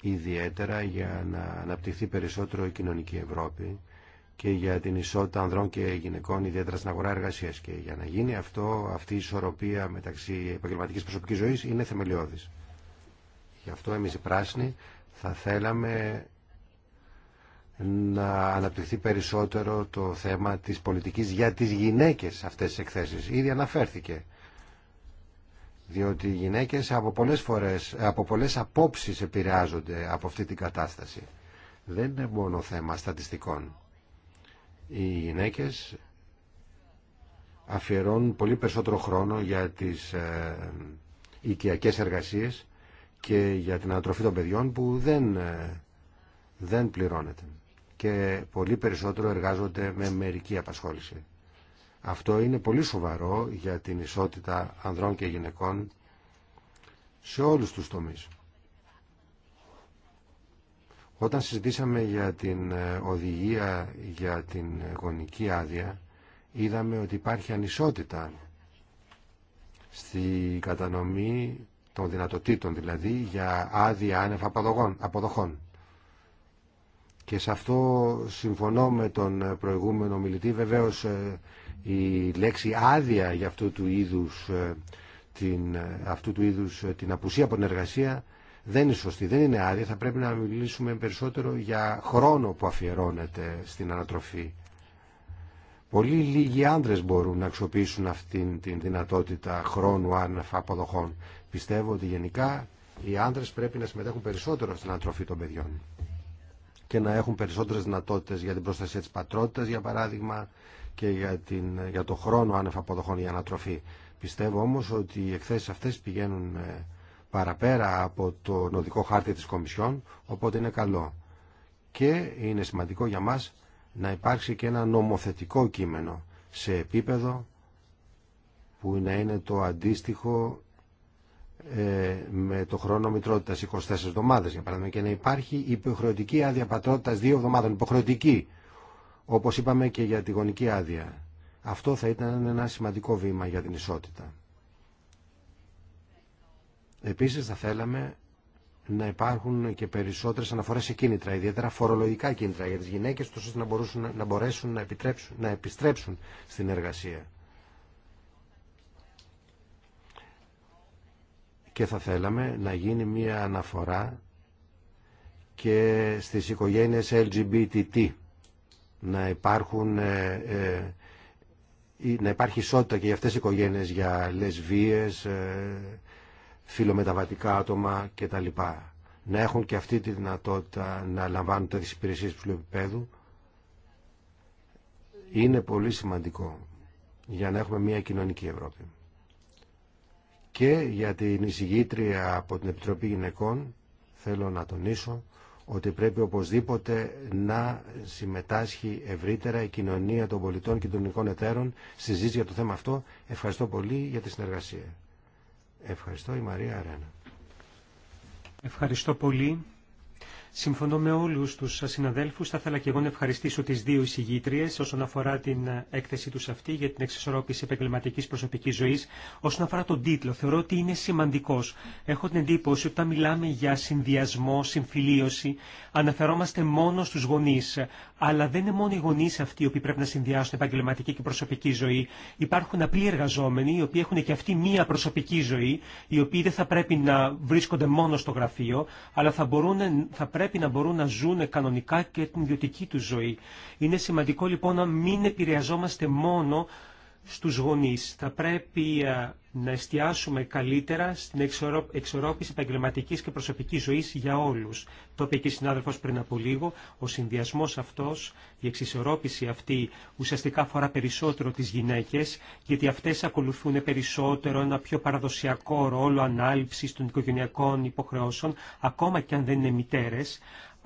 B: Ιδιαίτερα για να αναπτυχθεί περισσότερο η κοινωνική Ευρώπη και για την ισότητα ανδρών και γυναικών, ιδιαίτερα στην αγορά εργασία. Και για να γίνει αυτό, αυτή η ισορροπία μεταξύ επαγγελματική προσωπική ζωή είναι θεμελιώδης. Γι' αυτό εμείς οι πράσινοι θα θέλαμε να αναπτυχθεί περισσότερο το θέμα της πολιτικής για τις γυναίκες αυτές τις εκθέσεις. Ήδη αναφέρθηκε. Διότι οι γυναίκες από πολλές, φορές, από πολλές απόψεις επηρεάζονται από αυτή την κατάσταση. Δεν είναι μόνο θέμα στατιστικών. Οι γυναίκες αφιερώνουν πολύ περισσότερο χρόνο για τις ε, οικιακές εργασίες και για την ανατροφή των παιδιών που δεν, ε, δεν πληρώνεται και πολύ περισσότερο εργάζονται με μερική απασχόληση. Αυτό είναι πολύ σοβαρό για την ισότητα ανδρών και γυναικών σε όλους τους τομείς. Όταν συζητήσαμε για την ε, οδηγία για την γονική άδεια, είδαμε ότι υπάρχει ανισότητα στη κατανομή των δυνατοτήτων δηλαδή για άδεια άνευ αποδοχών. Και σε αυτό συμφωνώ με τον προηγούμενο μιλητή. Βεβαίως ε, η λέξη άδεια για αυτού του είδους, ε, την, ε, αυτού του είδους την απουσία από την εργασία δεν είναι σωστή, δεν είναι άδεια. Θα πρέπει να μιλήσουμε περισσότερο για χρόνο που αφιερώνεται στην ανατροφή. Πολύ λίγοι άντρες μπορούν να αξιοποιήσουν αυτήν την δυνατότητα χρόνου άνευ αποδοχών. Πιστεύω ότι γενικά οι άντρες πρέπει να συμμετέχουν περισσότερο στην ανατροφή των παιδιών και να έχουν περισσότερες δυνατότητες για την προστασία της πατρότητας, για παράδειγμα, και για, την, για το χρόνο άνευ αποδοχών για ανατροφή. Πιστεύω όμως ότι οι εκθέσεις αυτές πηγαίνουν ε, παραπέρα από το νοδικό χάρτη της Κομισιόν, οπότε είναι καλό. Και είναι σημαντικό για μας να υπάρξει και ένα νομοθετικό κείμενο σε επίπεδο που να είναι το αντίστοιχο ε, με το χρόνο μητρότητα 24 εβδομάδε, για παράδειγμα, και να υπάρχει υποχρεωτική άδεια πατρότητα 2 εβδομάδων. Υποχρεωτική. Όπω είπαμε και για τη γονική άδεια. Αυτό θα ήταν ένα σημαντικό βήμα για την ισότητα. Επίσης θα θέλαμε να υπάρχουν και περισσότερες αναφορές σε κίνητρα, ιδιαίτερα φορολογικά κίνητρα για τι γυναίκε, ώστε να, να μπορέσουν να, να επιστρέψουν στην εργασία. και θα θέλαμε να γίνει μία αναφορά και στις οικογένειες LGBTT. να υπάρχουν ε, ε να υπάρχει ισότητα και για αυτές τις οικογένειες για λεσβίες ε, φιλομεταβατικά άτομα κτλ να έχουν και αυτή τη δυνατότητα να λαμβάνουν τέτοιες υπηρεσίες του επίπεδου είναι πολύ σημαντικό για να έχουμε μια κοινωνική Ευρώπη και για την εισηγήτρια από την Επιτροπή Γυναικών θέλω να τονίσω ότι πρέπει οπωσδήποτε να συμμετάσχει ευρύτερα η κοινωνία των πολιτών και των ελληνικών εταίρων ζήτηση για το θέμα αυτό. Ευχαριστώ πολύ για τη συνεργασία. Ευχαριστώ η Μαρία Αρένα.
C: Ευχαριστώ πολύ. Συμφωνώ με όλους τους συναδέλφους. Θα ήθελα και εγώ να ευχαριστήσω τις δύο εισηγήτριες όσον αφορά την έκθεση τους αυτή για την εξισορρόπηση επαγγελματική προσωπικής ζωής. Όσον αφορά τον τίτλο, θεωρώ ότι είναι σημαντικός. Έχω την εντύπωση ότι όταν μιλάμε για συνδυασμό, συμφιλίωση, αναφερόμαστε μόνο στους γονείς. Αλλά δεν είναι μόνο οι γονείς αυτοί οι οποίοι πρέπει να συνδυάσουν επαγγελματική και προσωπική ζωή. Υπάρχουν απλοί εργαζόμενοι, οι οποίοι έχουν και αυτή μία προσωπική ζωή, οι οποίοι δεν θα πρέπει να βρίσκονται μόνο στο γραφείο, αλλά θα, μπορούν, θα πρέπει να μπορούν να ζουν κανονικά και την ιδιωτική του ζωή. Είναι σημαντικό λοιπόν να μην επηρεαζόμαστε μόνο στους γονείς. Θα πρέπει να εστιάσουμε καλύτερα στην εξορρόπηση επαγγελματική και προσωπικής ζωής για όλους. Το είπε και η συνάδελφος πριν από λίγο, ο συνδυασμός αυτός, η εξισορρόπηση αυτή ουσιαστικά αφορά περισσότερο τις γυναίκες, γιατί αυτές ακολουθούν περισσότερο ένα πιο παραδοσιακό ρόλο ανάληψης των οικογενειακών υποχρεώσεων, ακόμα και αν δεν είναι μητέρες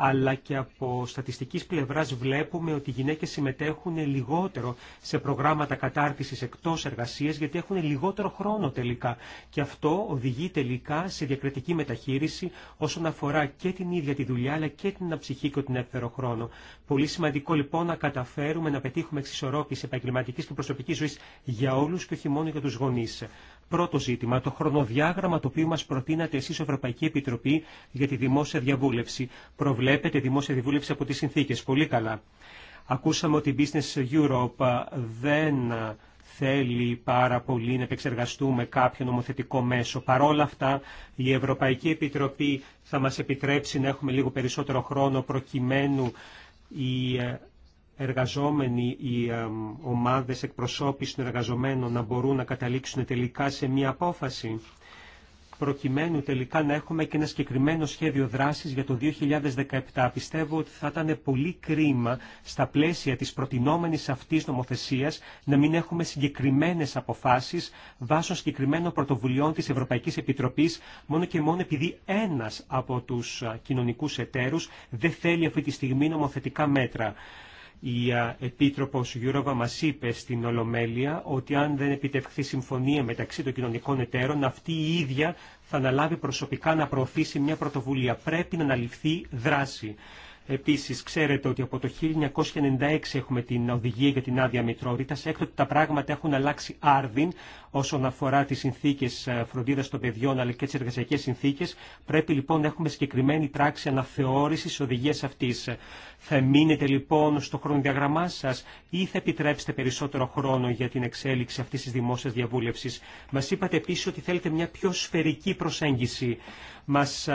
C: αλλά και από στατιστικής πλευράς βλέπουμε ότι οι γυναίκες συμμετέχουν λιγότερο σε προγράμματα κατάρτισης εκτός εργασίας γιατί έχουν λιγότερο χρόνο τελικά και αυτό οδηγεί τελικά σε διακριτική μεταχείριση όσον αφορά και την ίδια τη δουλειά αλλά και την αναψυχή και τον εύθερο χρόνο. Πολύ σημαντικό λοιπόν να καταφέρουμε να πετύχουμε εξισορρόπηση επαγγελματικής και προσωπικής ζωής για όλους και όχι μόνο για τους γονείς. Πρώτο ζήτημα, το χρονοδιάγραμμα το οποίο μας προτείνατε εσείς Ευρωπαϊκή Επιτροπή για τη δημόσια διαβούλευση. Προβλέπετε δημόσια διαβούλευση από τις συνθήκες. Πολύ καλά. Ακούσαμε ότι η Business Europe δεν θέλει πάρα πολύ να επεξεργαστούμε κάποιο νομοθετικό μέσο. Παρόλα αυτά, η Ευρωπαϊκή Επιτροπή θα μας επιτρέψει να έχουμε λίγο περισσότερο χρόνο προκειμένου η ε, εργαζόμενοι, οι ομάδες εκπροσώπησης των εργαζομένων να μπορούν να καταλήξουν τελικά σε μία απόφαση προκειμένου τελικά να έχουμε και ένα συγκεκριμένο σχέδιο δράσης για το 2017. Πιστεύω ότι θα ήταν πολύ κρίμα στα πλαίσια της προτινόμενης αυτής νομοθεσίας να μην έχουμε συγκεκριμένες αποφάσεις βάσω συγκεκριμένων πρωτοβουλειών της Ευρωπαϊκής Επιτροπής μόνο και μόνο επειδή ένας από τους κοινωνικούς εταίρους δεν θέλει αυτή τη στιγμή νομοθετικά μέτρα. Η Επίτροπος Γιούροβα μας είπε στην Ολομέλεια ότι αν δεν επιτευχθεί συμφωνία μεταξύ των κοινωνικών εταίρων, αυτή η ίδια θα αναλάβει προσωπικά να προωθήσει μια πρωτοβουλία. Πρέπει να αναλυφθεί δράση. Επίσης, ξέρετε ότι από το 1996 έχουμε την οδηγία για την άδεια μητρότητας. Έκτοτε τα πράγματα έχουν αλλάξει άρδιν όσον αφορά τις συνθήκες ε, φροντίδας των παιδιών αλλά και τις εργασιακές συνθήκες. Πρέπει λοιπόν να έχουμε συγκεκριμένη πράξη αναθεώρησης οδηγίας αυτής. Θα μείνετε λοιπόν στο χρόνο χρονοδιαγραμμά σα ή θα επιτρέψετε περισσότερο χρόνο για την εξέλιξη αυτής της δημόσιας διαβούλευσης. Μας είπατε επίσης ότι θέλετε μια πιο σφαιρική προσέγγιση. Μας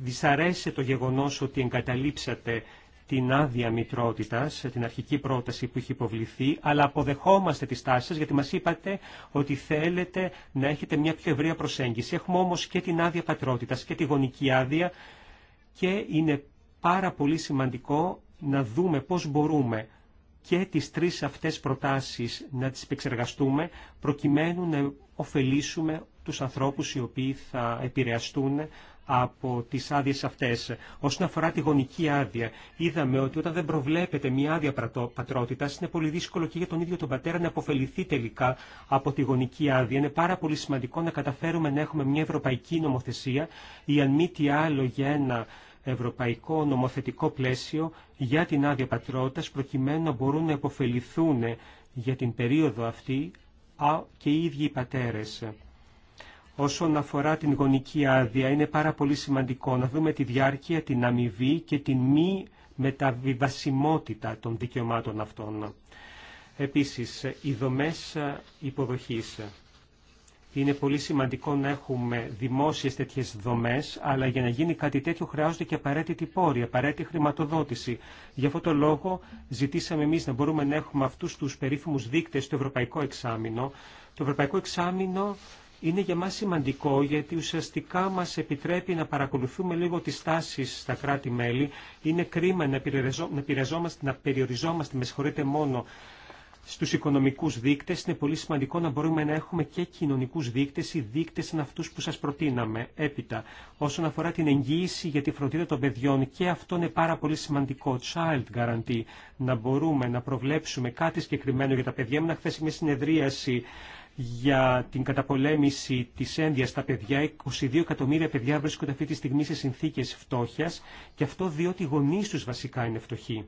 C: δυσαρέσει το γεγονός ότι εγκαταλείψατε την άδεια μητρότητα, την αρχική πρόταση που είχε υποβληθεί, αλλά αποδεχόμαστε τις τάσεις γιατί μα είπατε ότι θέλετε να έχετε μια πιο ευρεία προσέγγιση. Έχουμε όμως και την άδεια πατρότητα και τη γονική άδεια και είναι πάρα πολύ σημαντικό να δούμε πώς μπορούμε και τις τρεις αυτές προτάσεις να τις επεξεργαστούμε προκειμένου να ωφελήσουμε τους ανθρώπους οι οποίοι θα επηρεαστούν από τις άδειε αυτές. Όσον αφορά τη γονική άδεια, είδαμε ότι όταν δεν προβλέπεται μια άδεια πατρότητας, είναι πολύ δύσκολο και για τον ίδιο τον πατέρα να αποφεληθεί τελικά από τη γονική άδεια. Είναι πάρα πολύ σημαντικό να καταφέρουμε να έχουμε μια ευρωπαϊκή νομοθεσία ή αν μη τι άλλο για ένα ευρωπαϊκό νομοθετικό πλαίσιο για την άδεια πατρότητας προκειμένου να μπορούν να υποφεληθούν για την περίοδο αυτή και οι ίδιοι οι πατέρες. Όσον αφορά την γονική άδεια, είναι πάρα πολύ σημαντικό να δούμε τη διάρκεια, την αμοιβή και την μη μεταβιβασιμότητα των δικαιωμάτων αυτών. Επίσης, οι δομές υποδοχής. Είναι πολύ σημαντικό να έχουμε δημόσιες τέτοιες δομές, αλλά για να γίνει κάτι τέτοιο χρειάζονται και απαραίτητη πόρη, απαραίτητη χρηματοδότηση. Γι' αυτό το λόγο ζητήσαμε εμείς να μπορούμε να έχουμε αυτούς τους περίφημους δείκτες στο Ευρωπαϊκό Εξάμεινο. Το Ευρωπαϊκό Εξάμεινο είναι για μας σημαντικό γιατί ουσιαστικά μας επιτρέπει να παρακολουθούμε λίγο τις τάσεις στα κράτη-μέλη. Είναι κρίμα να, περιοριζόμαστε, να περιοριζόμαστε, με συγχωρείτε, μόνο στους οικονομικούς δείκτες. Είναι πολύ σημαντικό να μπορούμε να έχουμε και κοινωνικούς δείκτες ή δείκτες σαν αυτούς που σας προτείναμε. Έπειτα, όσον αφορά την εγγύηση για τη φροντίδα των παιδιών και αυτό είναι πάρα πολύ σημαντικό. Child guarantee, να μπορούμε να προβλέψουμε κάτι συγκεκριμένο για τα παιδιά. Ήμουν χθε μια συνεδρίαση για την καταπολέμηση της ένδυας στα παιδιά. 22 εκατομμύρια παιδιά βρίσκονται αυτή τη στιγμή σε συνθήκες φτώχειας και αυτό διότι οι γονείς τους βασικά είναι φτωχοί.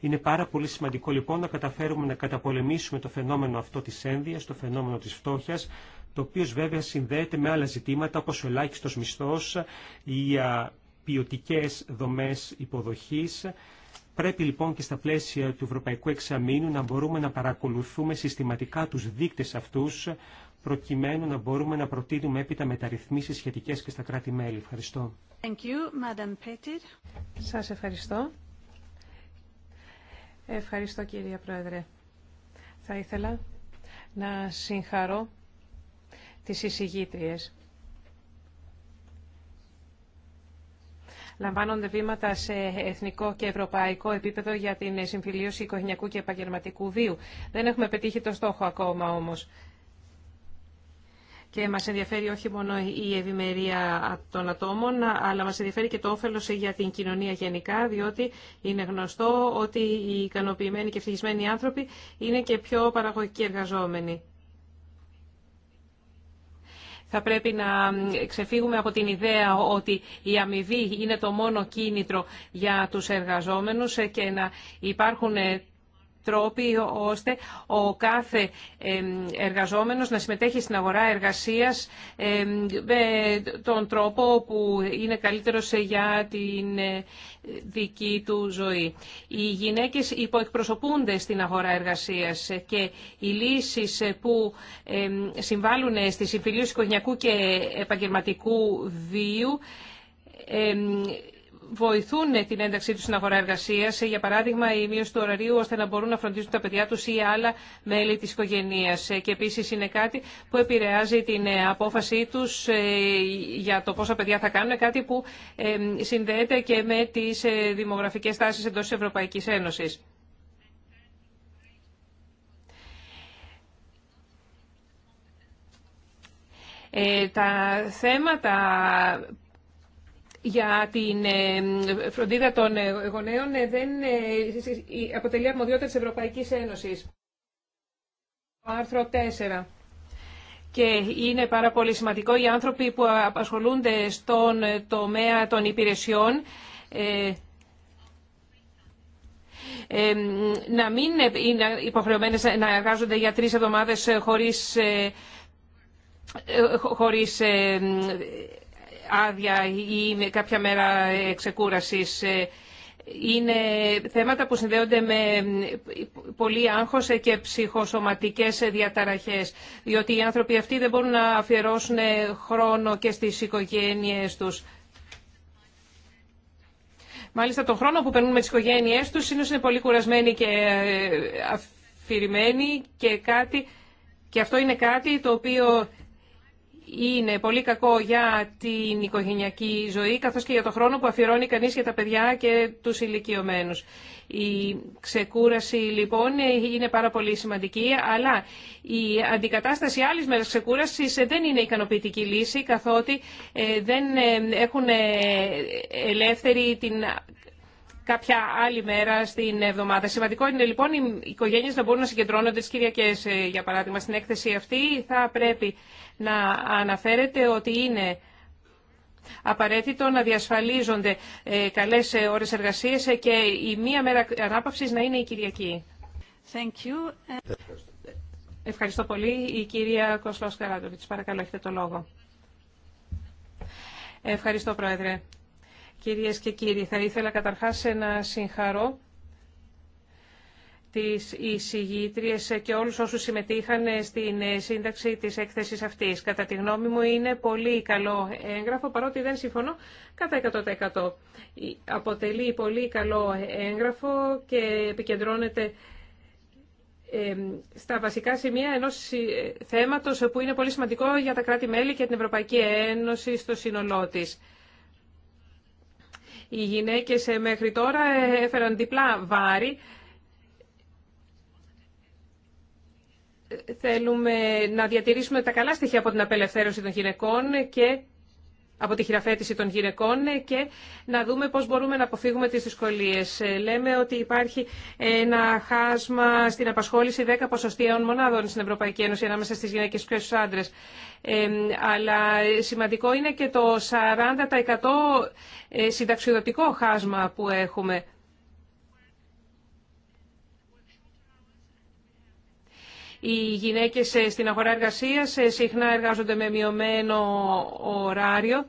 C: Είναι πάρα πολύ σημαντικό λοιπόν να καταφέρουμε να καταπολεμήσουμε το φαινόμενο αυτό της ένδυας, το φαινόμενο της φτώχειας, το οποίο βέβαια συνδέεται με άλλα ζητήματα όπως ο ελάχιστος μισθός, οι ποιοτικέ δομές υποδοχής Πρέπει λοιπόν και στα πλαίσια του Ευρωπαϊκού Εξαμήνου να μπορούμε να παρακολουθούμε συστηματικά τους δείκτες αυτούς προκειμένου να μπορούμε να προτείνουμε έπειτα μεταρρυθμίσεις σχετικές και στα κράτη-μέλη. Ευχαριστώ.
A: Thank you, Madam Petit. Σας ευχαριστώ. Ευχαριστώ κυρία Πρόεδρε. Θα ήθελα να συγχαρώ τις εισηγήτριες. λαμβάνονται βήματα σε εθνικό και ευρωπαϊκό επίπεδο για την συμφιλίωση οικογενειακού και επαγγελματικού βίου. Δεν έχουμε πετύχει το στόχο ακόμα όμως. Και μας ενδιαφέρει όχι μόνο η ευημερία των ατόμων, αλλά μας ενδιαφέρει και το όφελος για την κοινωνία γενικά, διότι είναι γνωστό ότι οι ικανοποιημένοι και ευτυχισμένοι άνθρωποι είναι και πιο παραγωγικοί εργαζόμενοι. Θα πρέπει να ξεφύγουμε από την ιδέα ότι η αμοιβή είναι το μόνο κίνητρο για τους εργαζόμενους και να υπάρχουν ε, τρόποι ώστε ο κάθε εργαζόμενος να συμμετέχει στην αγορά εργασίας με τον τρόπο που είναι καλύτερος για την ε, δική του ζωή. Οι γυναίκες υποεκπροσωπούνται στην αγορά εργασίας και οι λύσεις που συμβάλλουν στη συμφιλίωση οικογενειακού και επαγγελματικού βίου βοηθούν την ένταξή του στην αγορά εργασία, για παράδειγμα η μείωση του ωραρίου ώστε να μπορούν να φροντίζουν τα παιδιά του ή άλλα μέλη τη οικογένεια. Και επίση είναι κάτι που επηρεάζει την ε, απόφασή του ε, για το πόσα παιδιά θα κάνουν, κάτι που ε, συνδέεται και με τι δημογραφικέ τάσει εντό Ευρωπαϊκή Ένωση. τα θέματα για την ε, φροντίδα των ε, γονέων ε, δεν αποτελεί αρμοδιότητα της Ευρωπαϊκής Ένωσης. Το άρθρο 4. Και είναι πάρα πολύ σημαντικό οι άνθρωποι που απασχολούνται στον τομέα των υπηρεσιών να μην είναι υποχρεωμένες να εργάζονται για τρεις εβδομάδες χωρίς, χωρίς άδεια ή κάποια μέρα εξεκούρασης. Ε, είναι θέματα που συνδέονται με πολύ άγχος και ψυχοσωματικές διαταραχές, διότι οι άνθρωποι αυτοί δεν μπορούν να αφιερώσουν χρόνο και στις οικογένειές τους. Μάλιστα, τον χρόνο που περνούν με τις οικογένειές τους είναι πολύ κουρασμένοι και ε, αφηρημένοι και κάτι... Και αυτό είναι κάτι το οποίο είναι πολύ κακό για την οικογενειακή ζωή, καθώς και για το χρόνο που αφιερώνει κανείς για τα παιδιά και τους ηλικιωμένους. Η ξεκούραση λοιπόν είναι πάρα πολύ σημαντική, αλλά η αντικατάσταση άλλης μέρας ξεκούρασης δεν είναι ικανοποιητική λύση, καθότι ε, δεν ε, έχουν ε, ελεύθερη την κάποια άλλη μέρα στην εβδομάδα. Σημαντικό είναι λοιπόν οι οικογένειε να μπορούν να συγκεντρώνονται τι Κυριακέ, ε, για παράδειγμα. Στην έκθεση αυτή θα πρέπει να αναφέρετε ότι είναι απαραίτητο να διασφαλίζονται ε, καλές ε, ώρες εργασίας και η μία μέρα ανάπαυσης να είναι η Κυριακή. Thank you. Ευχαριστώ. πολύ. Η κυρία Κοσλός Καράτοβιτς, παρακαλώ, έχετε το λόγο. Ευχαριστώ, Πρόεδρε. Κυρίες και κύριοι, θα ήθελα καταρχάς να συγχαρώ τις εισηγήτριες και όλους όσους συμμετείχαν στην σύνταξη της έκθεσης αυτής. Κατά τη γνώμη μου είναι πολύ καλό έγγραφο, παρότι δεν συμφωνώ κατά 100%. Αποτελεί πολύ καλό έγγραφο και επικεντρώνεται στα βασικά σημεία ενός θέματος που είναι πολύ σημαντικό για τα κράτη-μέλη και την Ευρωπαϊκή Ένωση στο σύνολό της. Οι γυναίκες ε, μέχρι τώρα ε, έφεραν διπλά βάρη. Ε, θέλουμε να διατηρήσουμε τα καλά στοιχεία από την απελευθέρωση των γυναικών και από τη χειραφέτηση των γυναικών ε, και να δούμε πώς μπορούμε να αποφύγουμε τις δυσκολίες. Ε, λέμε ότι υπάρχει ένα χάσμα στην απασχόληση 10 ποσοστιαίων μονάδων στην Ευρωπαϊκή Ένωση ανάμεσα στις γυναίκες και στους άντρες. Ε, αλλά σημαντικό είναι και το 40% συνταξιδοτικό χάσμα που έχουμε. Οι γυναίκες ε, στην αγορά εργασίας ε, συχνά εργάζονται με μειωμένο ωράριο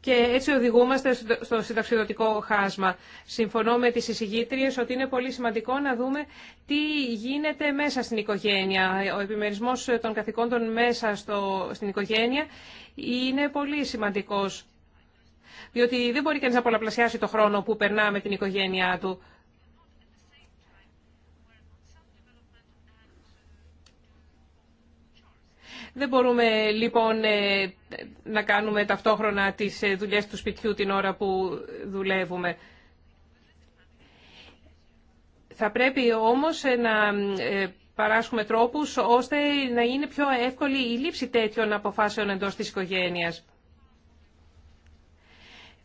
A: και έτσι οδηγούμαστε στο συνταξιδοτικό χάσμα. Συμφωνώ με τις εισηγήτριες ότι είναι πολύ σημαντικό να δούμε τι γίνεται μέσα στην οικογένεια. Ο επιμερισμός των καθηκόντων μέσα στο, στην οικογένεια είναι πολύ σημαντικός. Διότι δεν μπορεί κανείς να πολλαπλασιάσει το χρόνο που περνά με την οικογένειά του. Δεν μπορούμε λοιπόν να κάνουμε ταυτόχρονα τις δουλειές του σπιτιού την ώρα που δουλεύουμε. Θα πρέπει όμως να παράσχουμε τρόπους ώστε να είναι πιο εύκολη η λήψη τέτοιων αποφάσεων εντός της οικογένειας.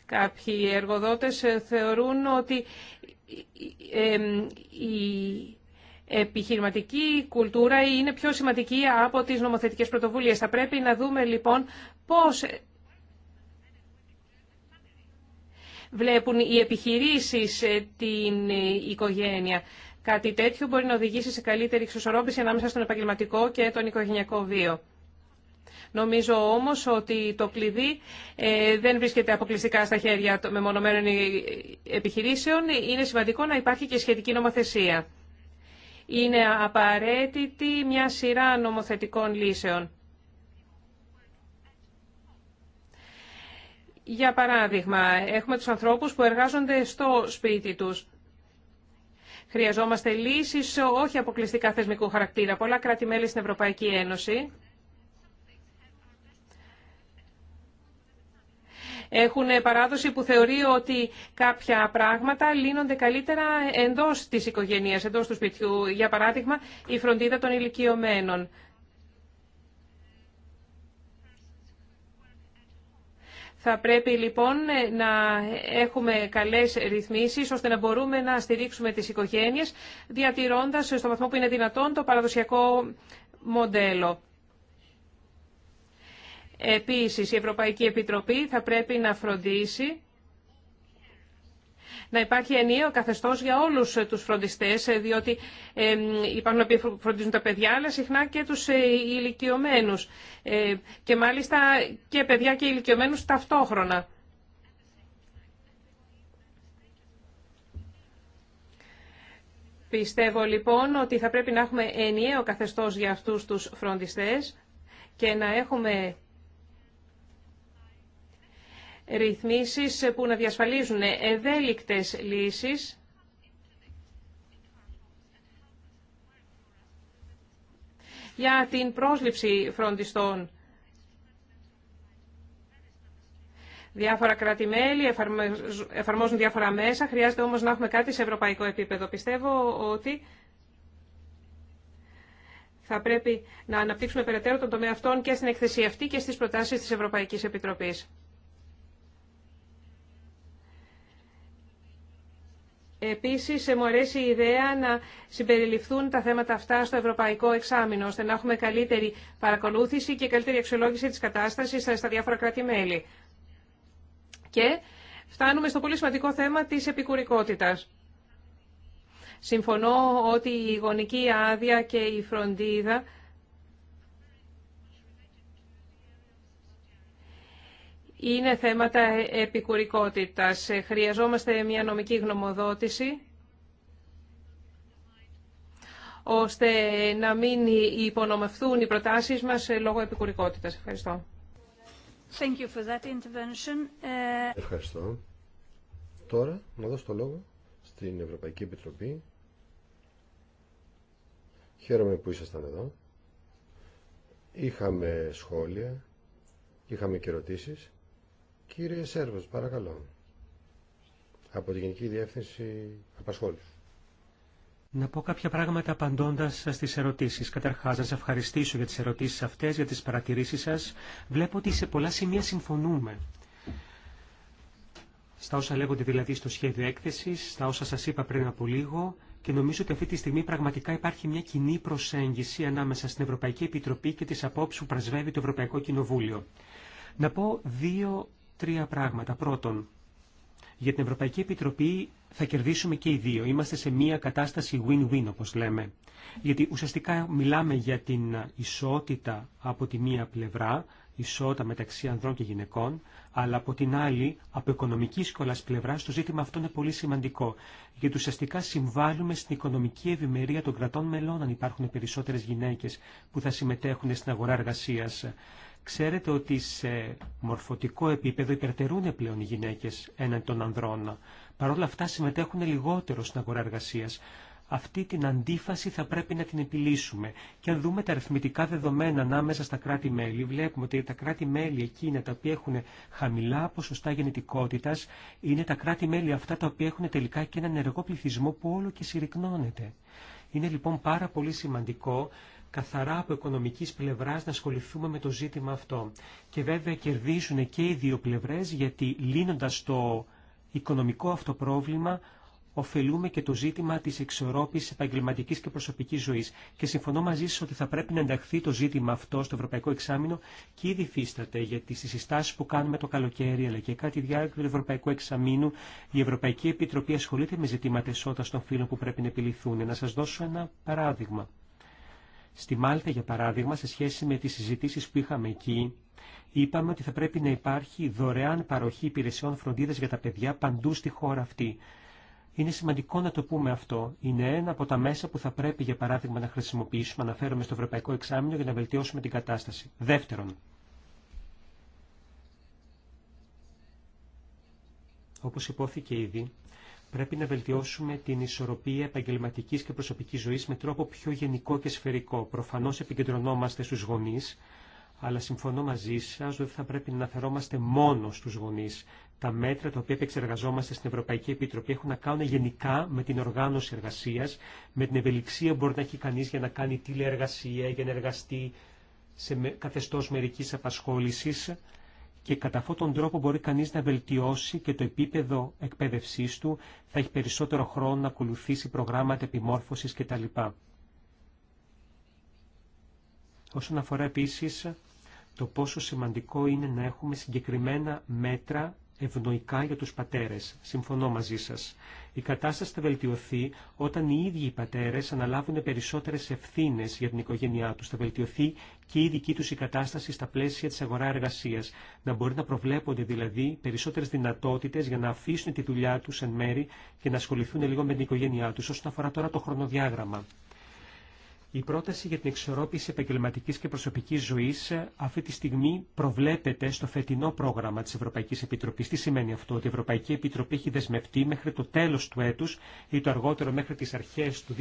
A: Κάποιοι εργοδότες θεωρούν ότι επιχειρηματική κουλτούρα είναι πιο σημαντική από τις νομοθετικές πρωτοβουλίες. Θα πρέπει να δούμε λοιπόν πώς βλέπουν οι επιχειρήσεις ε, την ε, οικογένεια. Κάτι τέτοιο μπορεί να οδηγήσει σε καλύτερη εξωσορόπηση ανάμεσα στον επαγγελματικό και τον οικογενειακό βίο. Νομίζω όμως ότι το κλειδί ε, δεν βρίσκεται αποκλειστικά στα χέρια με μεμονωμένων επιχειρήσεων. Είναι σημαντικό να υπάρχει και σχετική νομοθεσία είναι απαραίτητη μια σειρά νομοθετικών λύσεων. Για παράδειγμα, έχουμε τους ανθρώπους που εργάζονται στο σπίτι τους. Χρειαζόμαστε λύσεις όχι αποκλειστικά θεσμικού χαρακτήρα. Πολλά κράτη-μέλη στην Ευρωπαϊκή Ένωση έχουν παράδοση που θεωρεί ότι κάποια πράγματα λύνονται καλύτερα εντός της οικογένειας, εντός του σπιτιού. Για παράδειγμα, η φροντίδα των ηλικιωμένων. Θα πρέπει λοιπόν να έχουμε καλές ρυθμίσεις ώστε να μπορούμε να στηρίξουμε τις οικογένειες διατηρώντας στο βαθμό που είναι δυνατόν το παραδοσιακό μοντέλο. Επίσης, η Ευρωπαϊκή Επιτροπή θα πρέπει να φροντίσει να υπάρχει ενιαίο καθεστώς για όλους τους φροντιστές, διότι υπάρχουν οποίοι φροντίζουν τα παιδιά, αλλά συχνά και τους ε, ηλικιωμένους. Ε, και μάλιστα και παιδιά και ηλικιωμένους ταυτόχρονα. Πιστεύω λοιπόν ότι θα πρέπει να έχουμε ενιαίο καθεστώς για αυτούς τους φροντιστές και να έχουμε ρυθμίσεις που να διασφαλίζουν ευέλικτες λύσεις για την πρόσληψη φροντιστών. Διάφορα κράτη-μέλη εφαρμόζουν διάφορα μέσα, χρειάζεται όμως να έχουμε κάτι σε ευρωπαϊκό επίπεδο. Πιστεύω ότι θα πρέπει να αναπτύξουμε περαιτέρω τον τομέα αυτών και στην εκθεσία αυτή και στις προτάσεις της Ευρωπαϊκής Επιτροπής. Επίσης, μου αρέσει η ιδέα να συμπεριληφθούν τα θέματα αυτά στο Ευρωπαϊκό Εξάμεινο, ώστε να έχουμε καλύτερη παρακολούθηση και καλύτερη αξιολόγηση της κατάστασης στα διάφορα κράτη-μέλη. Και φτάνουμε στο πολύ σημαντικό θέμα της επικουρικότητας. Συμφωνώ ότι η γονική άδεια και η φροντίδα είναι θέματα επικουρικότητας. Χρειαζόμαστε μια νομική γνωμοδότηση ώστε να μην υπονομευθούν οι προτάσεις μας λόγω επικουρικότητας. Ευχαριστώ. Thank you for intervention. Ε,
B: Ευχαριστώ. Τώρα να δώσω το λόγο στην Ευρωπαϊκή Επιτροπή. Χαίρομαι που ήσασταν εδώ. Είχαμε σχόλια, είχαμε και ερωτήσεις. Κύριε Σέρβος, παρακαλώ. Από τη Γενική Διεύθυνση Απασχόληση.
C: Να πω κάποια πράγματα απαντώντα στι ερωτήσει. Καταρχά, να σα ευχαριστήσω για τι ερωτήσει αυτέ, για τι παρατηρήσει σα. Βλέπω ότι σε πολλά σημεία συμφωνούμε. Στα όσα λέγονται δηλαδή στο σχέδιο έκθεση, στα όσα σα είπα πριν από λίγο και νομίζω ότι αυτή τη στιγμή πραγματικά υπάρχει μια κοινή προσέγγιση ανάμεσα στην Ευρωπαϊκή Επιτροπή και τι απόψει που πρασβεύει το Ευρωπαϊκό Κοινοβούλιο. Να πω δύο τρία πράγματα. Πρώτον, για την Ευρωπαϊκή Επιτροπή θα κερδίσουμε και οι δύο. Είμαστε σε μια κατάσταση win-win όπως λέμε. Γιατί ουσιαστικά μιλάμε για την ισότητα από τη μία πλευρά, ισότητα μεταξύ ανδρών και γυναικών, αλλά από την άλλη, από οικονομική κολλά πλευρά, το ζήτημα αυτό είναι πολύ σημαντικό. Γιατί ουσιαστικά συμβάλλουμε στην οικονομική ευημερία των κρατών μελών, αν υπάρχουν περισσότερε γυναίκε που θα συμμετέχουν στην αγορά εργασία. Ξέρετε ότι σε μορφωτικό επίπεδο υπερτερούν πλέον οι γυναίκες έναν των ανδρών. Παρ' όλα αυτά συμμετέχουν λιγότερο στην αγορά εργασίας. Αυτή την αντίφαση θα πρέπει να την επιλύσουμε. Και αν δούμε τα αριθμητικά δεδομένα ανάμεσα στα κράτη-μέλη, βλέπουμε ότι τα κράτη-μέλη εκείνα τα οποία έχουν χαμηλά ποσοστά γεννητικότητα είναι τα κράτη-μέλη αυτά τα οποία έχουν τελικά και έναν ενεργό πληθυσμό που όλο και συρρυκνώνεται. Είναι λοιπόν πάρα πολύ σημαντικό καθαρά από οικονομικής πλευράς να ασχοληθούμε με το ζήτημα αυτό. Και βέβαια κερδίζουν και οι δύο πλευρές γιατί λύνοντας το οικονομικό αυτό πρόβλημα ωφελούμε και το ζήτημα της εξορρόπησης επαγγελματική και προσωπικής ζωής. Και συμφωνώ μαζί σας ότι θα πρέπει να ενταχθεί το ζήτημα αυτό στο Ευρωπαϊκό Εξάμεινο και ήδη φύσταται γιατί στις συστάσεις που κάνουμε το καλοκαίρι αλλά και κάτι διάρκεια του Ευρωπαϊκού Εξαμήνου η Ευρωπαϊκή Επιτροπή ασχολείται με ζητήματα ισότητας των φύλων που πρέπει να επιληθούν. Να σας δώσω ένα παράδειγμα. Στη Μάλτα, για παράδειγμα, σε σχέση με τις συζητήσεις που είχαμε εκεί, είπαμε ότι θα πρέπει να υπάρχει δωρεάν παροχή υπηρεσιών φροντίδας για τα παιδιά παντού στη χώρα αυτή. Είναι σημαντικό να το πούμε αυτό. Είναι ένα από τα μέσα που θα πρέπει, για παράδειγμα, να χρησιμοποιήσουμε, αναφέρομαι στο Ευρωπαϊκό Εξάμεινο, για να βελτιώσουμε την κατάσταση. Δεύτερον, όπως υπόθηκε ήδη, Πρέπει να βελτιώσουμε την ισορροπία επαγγελματική και προσωπική ζωή με τρόπο πιο γενικό και σφαιρικό. Προφανώ επικεντρωνόμαστε στου γονεί, αλλά συμφωνώ μαζί σα ότι θα πρέπει να αναφερόμαστε μόνο στου γονεί. Τα μέτρα τα οποία επεξεργαζόμαστε στην Ευρωπαϊκή Επιτροπή έχουν να κάνουν γενικά με την οργάνωση εργασία, με την ευελιξία που μπορεί να έχει κανεί για να κάνει τηλεεργασία, για να εργαστεί σε καθεστώ μερική απασχόληση και κατά αυτόν τον τρόπο μπορεί κανείς να βελτιώσει και το επίπεδο εκπαίδευσής του, θα έχει περισσότερο χρόνο να ακολουθήσει προγράμματα επιμόρφωσης κτλ. Όσον αφορά επίσης το πόσο σημαντικό είναι να έχουμε συγκεκριμένα μέτρα ευνοϊκά για τους πατέρες. Συμφωνώ μαζί σας. Η κατάσταση θα βελτιωθεί όταν οι ίδιοι οι πατέρες αναλάβουν περισσότερες ευθύνες για την οικογένειά τους. Θα βελτιωθεί και η δική τους η κατάσταση στα πλαίσια της αγορά εργασίας. Να μπορεί να προβλέπονται δηλαδή περισσότερες δυνατότητες για να αφήσουν τη δουλειά τους εν μέρη και να ασχοληθούν λίγο με την οικογένειά τους όσον αφορά τώρα το χρονοδιάγραμμα. Η πρόταση για την εξορρόπηση επαγγελματικής και προσωπικής ζωής ε, αυτή τη στιγμή προβλέπεται στο φετινό πρόγραμμα της Ευρωπαϊκής Επιτροπής. Τι σημαίνει αυτό, ότι η Ευρωπαϊκή Επιτροπή έχει δεσμευτεί μέχρι το τέλος του έτους ή το αργότερο μέχρι τις αρχές του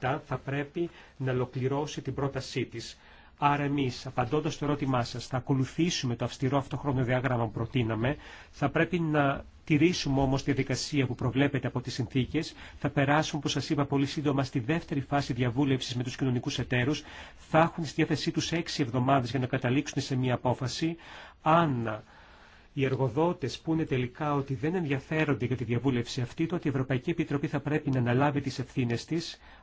C: 2017 θα πρέπει να ολοκληρώσει την πρότασή της. Άρα εμεί, απαντώντα στο ερώτημά σα, θα ακολουθήσουμε το αυστηρό αυτό χρονοδιάγραμμα που προτείναμε. Θα πρέπει να τηρήσουμε όμως τη διαδικασία που προβλέπεται από τις συνθήκες, θα περάσουν, όπω σα είπα πολύ σύντομα, στη δεύτερη φάση διαβούλευση με τους κοινωνικούς εταίρους, θα έχουν στη διάθεσή του έξι εβδομάδες για να καταλήξουν σε μια απόφαση, αν οι εργοδότε πούνε τελικά ότι δεν ενδιαφέρονται για τη διαβούλευση αυτή, τότε η Ευρωπαϊκή Επιτροπή θα πρέπει να αναλάβει τι ευθύνε τη,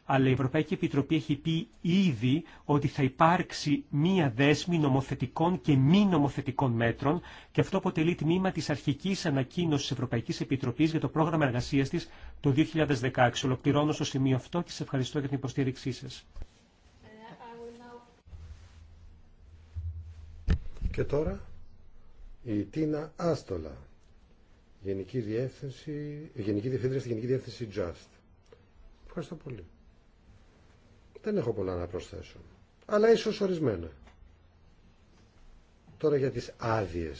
C: αλλά η Ευρωπαϊκή Επιτροπή έχει πει ήδη ότι θα υπάρξει μία δέσμη νομοθετικών και μη νομοθετικών μέτρων και αυτό αποτελεί τμήμα τη αρχική ανακοίνωση τη Ευρωπαϊκή Επιτροπή για το πρόγραμμα εργασία τη το 2016. Ολοκληρώνω στο σημείο αυτό και σα ευχαριστώ για την υποστήριξή σα.
B: Και τώρα η Τίνα Άστολα, Γενική, Διεύθυνση, Γενική Διευθύντρια στη Γενική Διεύθυνση Just. Ευχαριστώ πολύ. Δεν έχω πολλά να προσθέσω, αλλά ίσως ορισμένα. Τώρα για τις άδειε,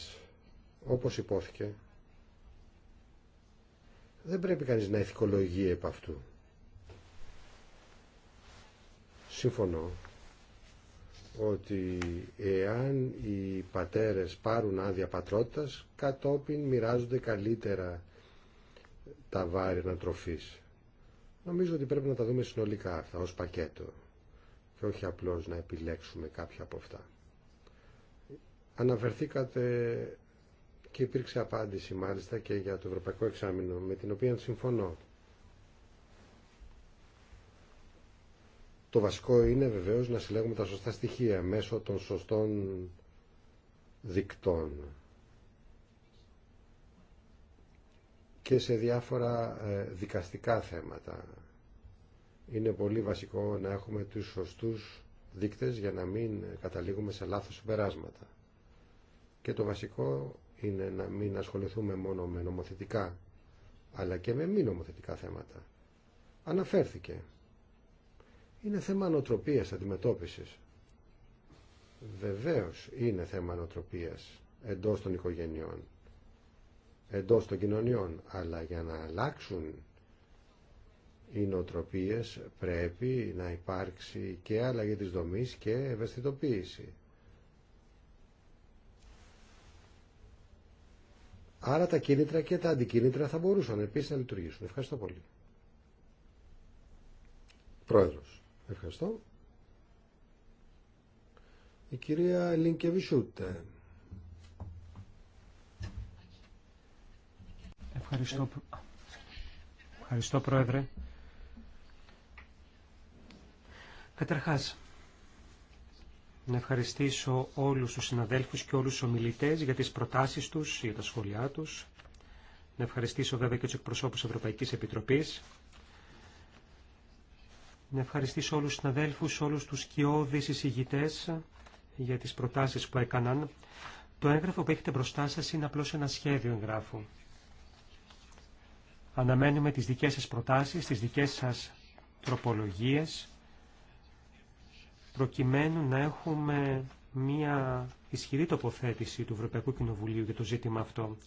B: όπως υπόθηκε, δεν πρέπει κανείς να ηθικολογεί επ' αυτού. Συμφωνώ ότι εάν οι πατέρες πάρουν άδεια πατρότητας, κατόπιν μοιράζονται καλύτερα τα βάρη τροφής. Νομίζω ότι πρέπει να τα δούμε συνολικά αυτά, ως πακέτο, και όχι απλώς να επιλέξουμε κάποια από αυτά. Αναφερθήκατε και υπήρξε απάντηση μάλιστα και για το Ευρωπαϊκό Εξάμεινο, με την οποία συμφωνώ. Το βασικό είναι βεβαίως να συλλέγουμε τα σωστά στοιχεία μέσω των σωστών δικτών και σε διάφορα ε, δικαστικά θέματα. Είναι πολύ βασικό να έχουμε τους σωστούς δείκτες για να μην καταλήγουμε σε λάθος συμπεράσματα. Και το βασικό είναι να μην ασχοληθούμε μόνο με νομοθετικά αλλά και με μη νομοθετικά θέματα. Αναφέρθηκε είναι θέμα νοοτροπίας αντιμετώπισης. Βεβαίως είναι θέμα νοοτροπίας εντός των οικογενειών, εντός των κοινωνιών, αλλά για να αλλάξουν οι νοοτροπίες πρέπει να υπάρξει και αλλαγή της δομής και ευαισθητοποίηση. Άρα τα κίνητρα και τα αντικίνητρα θα μπορούσαν επίσης να λειτουργήσουν. Ευχαριστώ πολύ. Πρόεδρος. Ευχαριστώ. Η κυρία Λινκεβισούτε.
C: Ευχαριστώ. Ευχαριστώ, Πρόεδρε. Καταρχάς, να ευχαριστήσω όλους τους συναδέλφους και όλους τους ομιλητές για τις προτάσεις τους, για τα σχόλιά τους. Να ευχαριστήσω βέβαια και τους εκπροσώπους Ευρωπαϊκής Επιτροπής. Να ευχαριστήσω όλους τους αδέλφους, όλους τους σκιώδεις εισηγητές για τις προτάσεις που έκαναν. Το έγγραφο που έχετε μπροστά σας είναι απλώς ένα σχέδιο εγγράφου. Αναμένουμε τις δικές σας προτάσεις, τις δικές σας τροπολογίες, προκειμένου να έχουμε μία ισχυρή τοποθέτηση του Ευρωπαϊκού Κοινοβουλίου για το ζήτημα αυτό.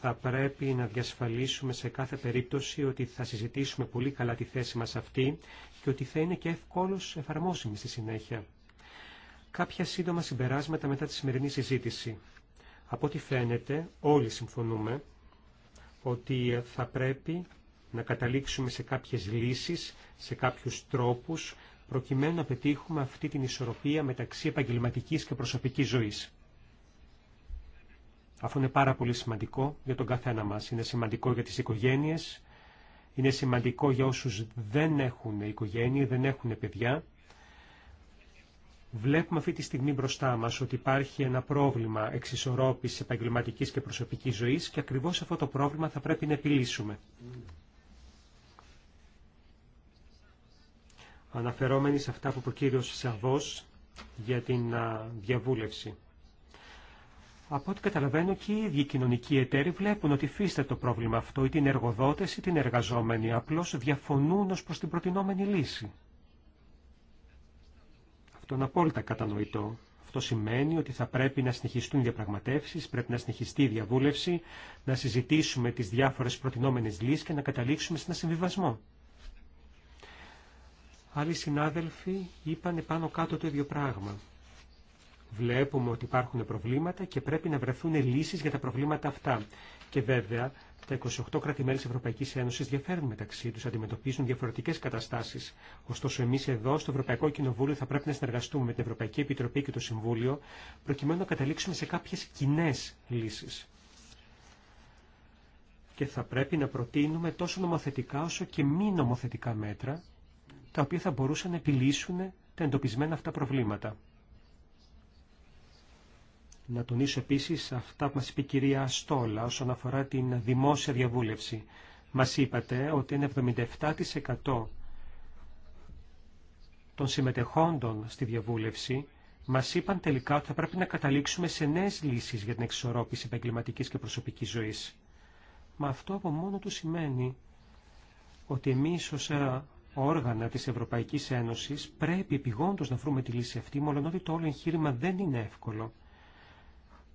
C: Θα πρέπει να διασφαλίσουμε σε κάθε περίπτωση ότι θα συζητήσουμε πολύ καλά τη θέση μας αυτή και ότι θα είναι και εύκολος εφαρμόσιμη στη συνέχεια. Κάποια σύντομα συμπεράσματα μετά τη σημερινή συζήτηση. Από ό,τι φαίνεται, όλοι συμφωνούμε ότι θα πρέπει να καταλήξουμε σε κάποιες λύσεις, σε κάποιους τρόπους, προκειμένου να πετύχουμε αυτή την ισορροπία μεταξύ επαγγελματικής και προσωπικής ζωής. Αυτό είναι πάρα πολύ σημαντικό για τον καθένα μας. Είναι σημαντικό για τις οικογένειες, είναι σημαντικό για όσους δεν έχουν οικογένεια, δεν έχουν παιδιά. Βλέπουμε αυτή τη στιγμή μπροστά μας ότι υπάρχει ένα πρόβλημα εξισορρόπησης επαγγελματικής και προσωπικής ζωής και ακριβώς αυτό το πρόβλημα θα πρέπει να επιλύσουμε. Αναφερόμενοι σε αυτά που είπε ο κύριος Σαββός για την διαβούλευση. Από ό,τι καταλαβαίνω και οι ίδιοι κοινωνικοί εταίροι βλέπουν ότι φύστε το πρόβλημα αυτό, ή την εργοδότες ή την εργαζόμενη απλώς διαφωνούν ως προς την προτινόμενη λύση. Αυτό είναι απόλυτα κατανοητό. Αυτό σημαίνει ότι θα πρέπει να συνεχιστούν οι διαπραγματεύσει, πρέπει να συνεχιστεί η διαβούλευση, να συζητήσουμε τις διάφορες προτινόμενες λύσεις και να καταλήξουμε σε ένα συμβιβασμό. Άλλοι συνάδελφοι είπαν πάνω κάτω το ίδιο πράγμα. Βλέπουμε ότι υπάρχουν προβλήματα και πρέπει να βρεθούν λύσεις για τα προβλήματα αυτά. Και βέβαια, τα 28 κράτη-μέλη της Ευρωπαϊκής Ένωσης διαφέρουν μεταξύ τους, αντιμετωπίζουν διαφορετικές καταστάσεις. Ωστόσο, εμείς εδώ, στο Ευρωπαϊκό Κοινοβούλιο, θα πρέπει να συνεργαστούμε με την Ευρωπαϊκή Επιτροπή και το Συμβούλιο, προκειμένου να καταλήξουμε σε κάποιες κοινέ λύσεις. Και θα πρέπει να προτείνουμε τόσο νομοθετικά όσο και μη νομοθετικά μέτρα, τα οποία θα μπορούσαν να επιλύσουν τα εντοπισμένα αυτά προβλήματα. Να τονίσω επίσης αυτά που μας είπε η κυρία Στόλα όσον αφορά την δημόσια διαβούλευση. Μας είπατε ότι είναι 77% των συμμετεχόντων στη διαβούλευση μας είπαν τελικά ότι θα πρέπει να καταλήξουμε σε νέες λύσεις για την εξορρόπηση επαγγελματική και προσωπικής ζωής. Μα αυτό από μόνο του σημαίνει ότι εμείς ως όργανα της Ευρωπαϊκής Ένωσης πρέπει επιγόντως να βρούμε τη λύση αυτή, μόλον ότι το όλο εγχείρημα δεν είναι εύκολο.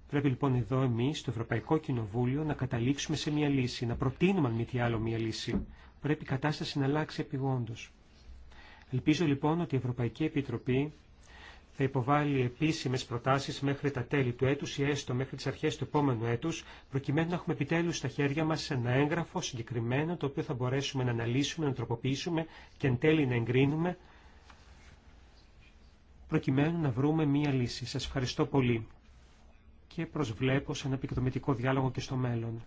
C: Πρέπει λοιπόν εδώ εμεί, στο Ευρωπαϊκό Κοινοβούλιο, να καταλήξουμε σε μια λύση, να προτείνουμε αν μη τι άλλο μια λύση. Πρέπει η κατάσταση να αλλάξει επιγόντω. Ελπίζω λοιπόν ότι η Ευρωπαϊκή Επιτροπή θα υποβάλει επίσημε προτάσει μέχρι τα τέλη του έτου ή έστω μέχρι τι αρχέ του επόμενου έτου, προκειμένου να έχουμε επιτέλου στα χέρια μα ένα έγγραφο συγκεκριμένο το οποίο θα μπορέσουμε να αναλύσουμε, να τροποποιήσουμε και εν τέλει να εγκρίνουμε προκειμένου να βρούμε μία λύση. Σας ευχαριστώ πολύ και προσβλέπω σε ένα επικοδομητικό διάλογο και στο μέλλον.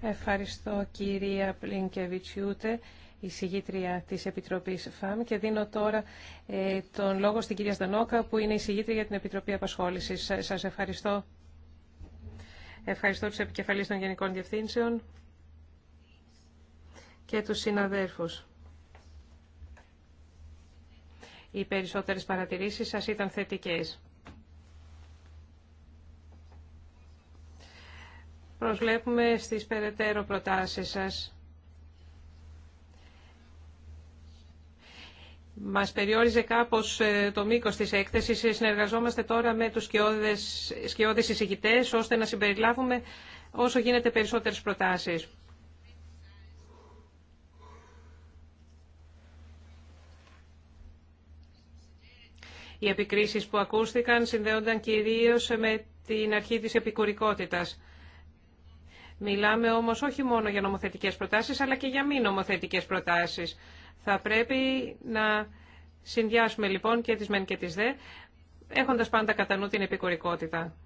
A: Ευχαριστώ κυρία Πλίνκεβιτσιούτε, η συγγήτρια της Επιτροπής ΦΑΜ και δίνω τώρα ε, τον λόγο στην κυρία Στανόκα που είναι η συγγήτρια για την Επιτροπή Απασχόλησης. Σας ευχαριστώ. Ευχαριστώ τους επικεφαλείς των Γενικών Διευθύνσεων και τους συναδέρφους. Οι περισσότερες παρατηρήσεις σας ήταν θετικές. Προσβλέπουμε στις περαιτέρω προτάσεις σας. Μας περιόριζε κάπως ε, το μήκος της έκθεσης. Συνεργαζόμαστε τώρα με τους σκιώδες, σκιώδες ώστε να συμπεριλάβουμε όσο γίνεται περισσότερες προτάσεις. Οι επικρίσεις που ακούστηκαν συνδέονταν κυρίως με την αρχή της επικουρικότητας. Μιλάμε όμως όχι μόνο για νομοθετικές προτάσεις, αλλά και για μη νομοθετικές προτάσεις. Θα πρέπει να συνδυάσουμε λοιπόν και τις μεν και τις δε, έχοντας πάντα κατά νου την επικορικότητα.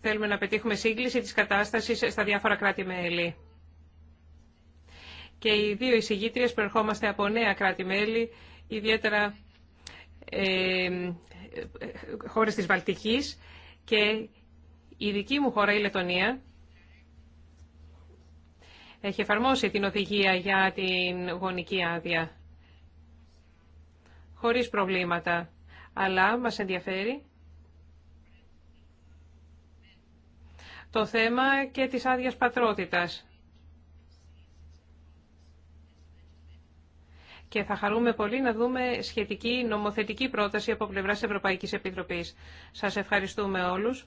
A: Θέλουμε να πετύχουμε σύγκληση της κατάστασης στα διάφορα κράτη-μέλη. Και οι δύο εισηγήτριες προερχόμαστε από νέα κράτη-μέλη, ιδιαίτερα ε, χώρες της Βαλτικής και η δική μου χώρα, η Λετωνία, έχει εφαρμόσει την οδηγία για την γονική άδεια χωρίς προβλήματα. Αλλά μας ενδιαφέρει το θέμα και της άδειας πατρότητας. και θα χαρούμε πολύ να δούμε σχετική νομοθετική πρόταση από πλευράς Ευρωπαϊκής Επιτροπής. Σας ευχαριστούμε όλους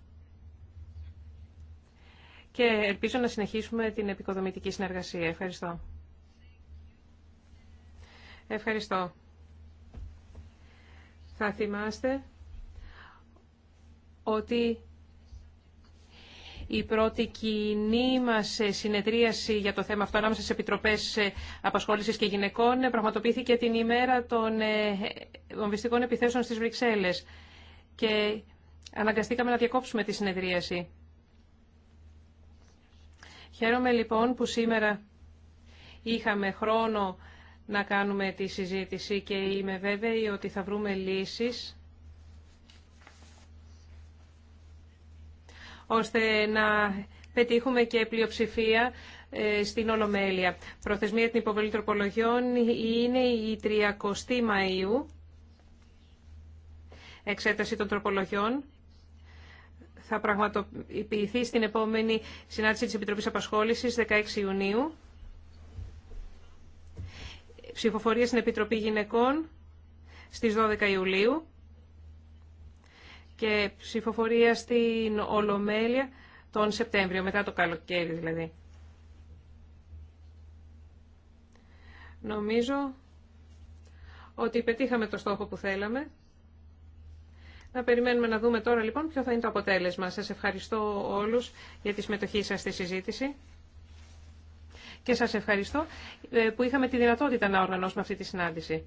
A: και ελπίζω να συνεχίσουμε την επικοδομητική συνεργασία. Ευχαριστώ. Ευχαριστώ. Θα θυμάστε ότι η πρώτη κοινή μα ε, συνεδρίαση για το θέμα αυτό ανάμεσα στι Επιτροπές ε, Απασχόλησης και Γυναικών ε, πραγματοποιήθηκε την ημέρα των βομβιστικών επιθέσεων στις Βρυξέλλες και αναγκαστήκαμε να διακόψουμε τη συνεδρίαση. Χαίρομαι λοιπόν που σήμερα είχαμε χρόνο να κάνουμε τη συζήτηση και είμαι βέβαιη ότι θα βρούμε λύσεις ώστε να πετύχουμε και πλειοψηφία ε, στην Ολομέλεια. Προθεσμία την υποβολή τροπολογιών είναι η 30 Μαΐου. Εξέταση των τροπολογιών θα πραγματοποιηθεί στην επόμενη συνάντηση της Επιτροπής Απασχόλησης 16 Ιουνίου. Ψηφοφορία στην Επιτροπή Γυναικών στις 12 Ιουλίου και ψηφοφορία στην Ολομέλεια τον Σεπτέμβριο, μετά το καλοκαίρι δηλαδή. Νομίζω ότι πετύχαμε το στόχο που θέλαμε. Να περιμένουμε να δούμε τώρα λοιπόν ποιο θα είναι το αποτέλεσμα. Σας ευχαριστώ όλους για τη συμμετοχή σας στη συζήτηση. Και σας ευχαριστώ ε, που είχαμε τη δυνατότητα να οργανώσουμε αυτή τη συνάντηση.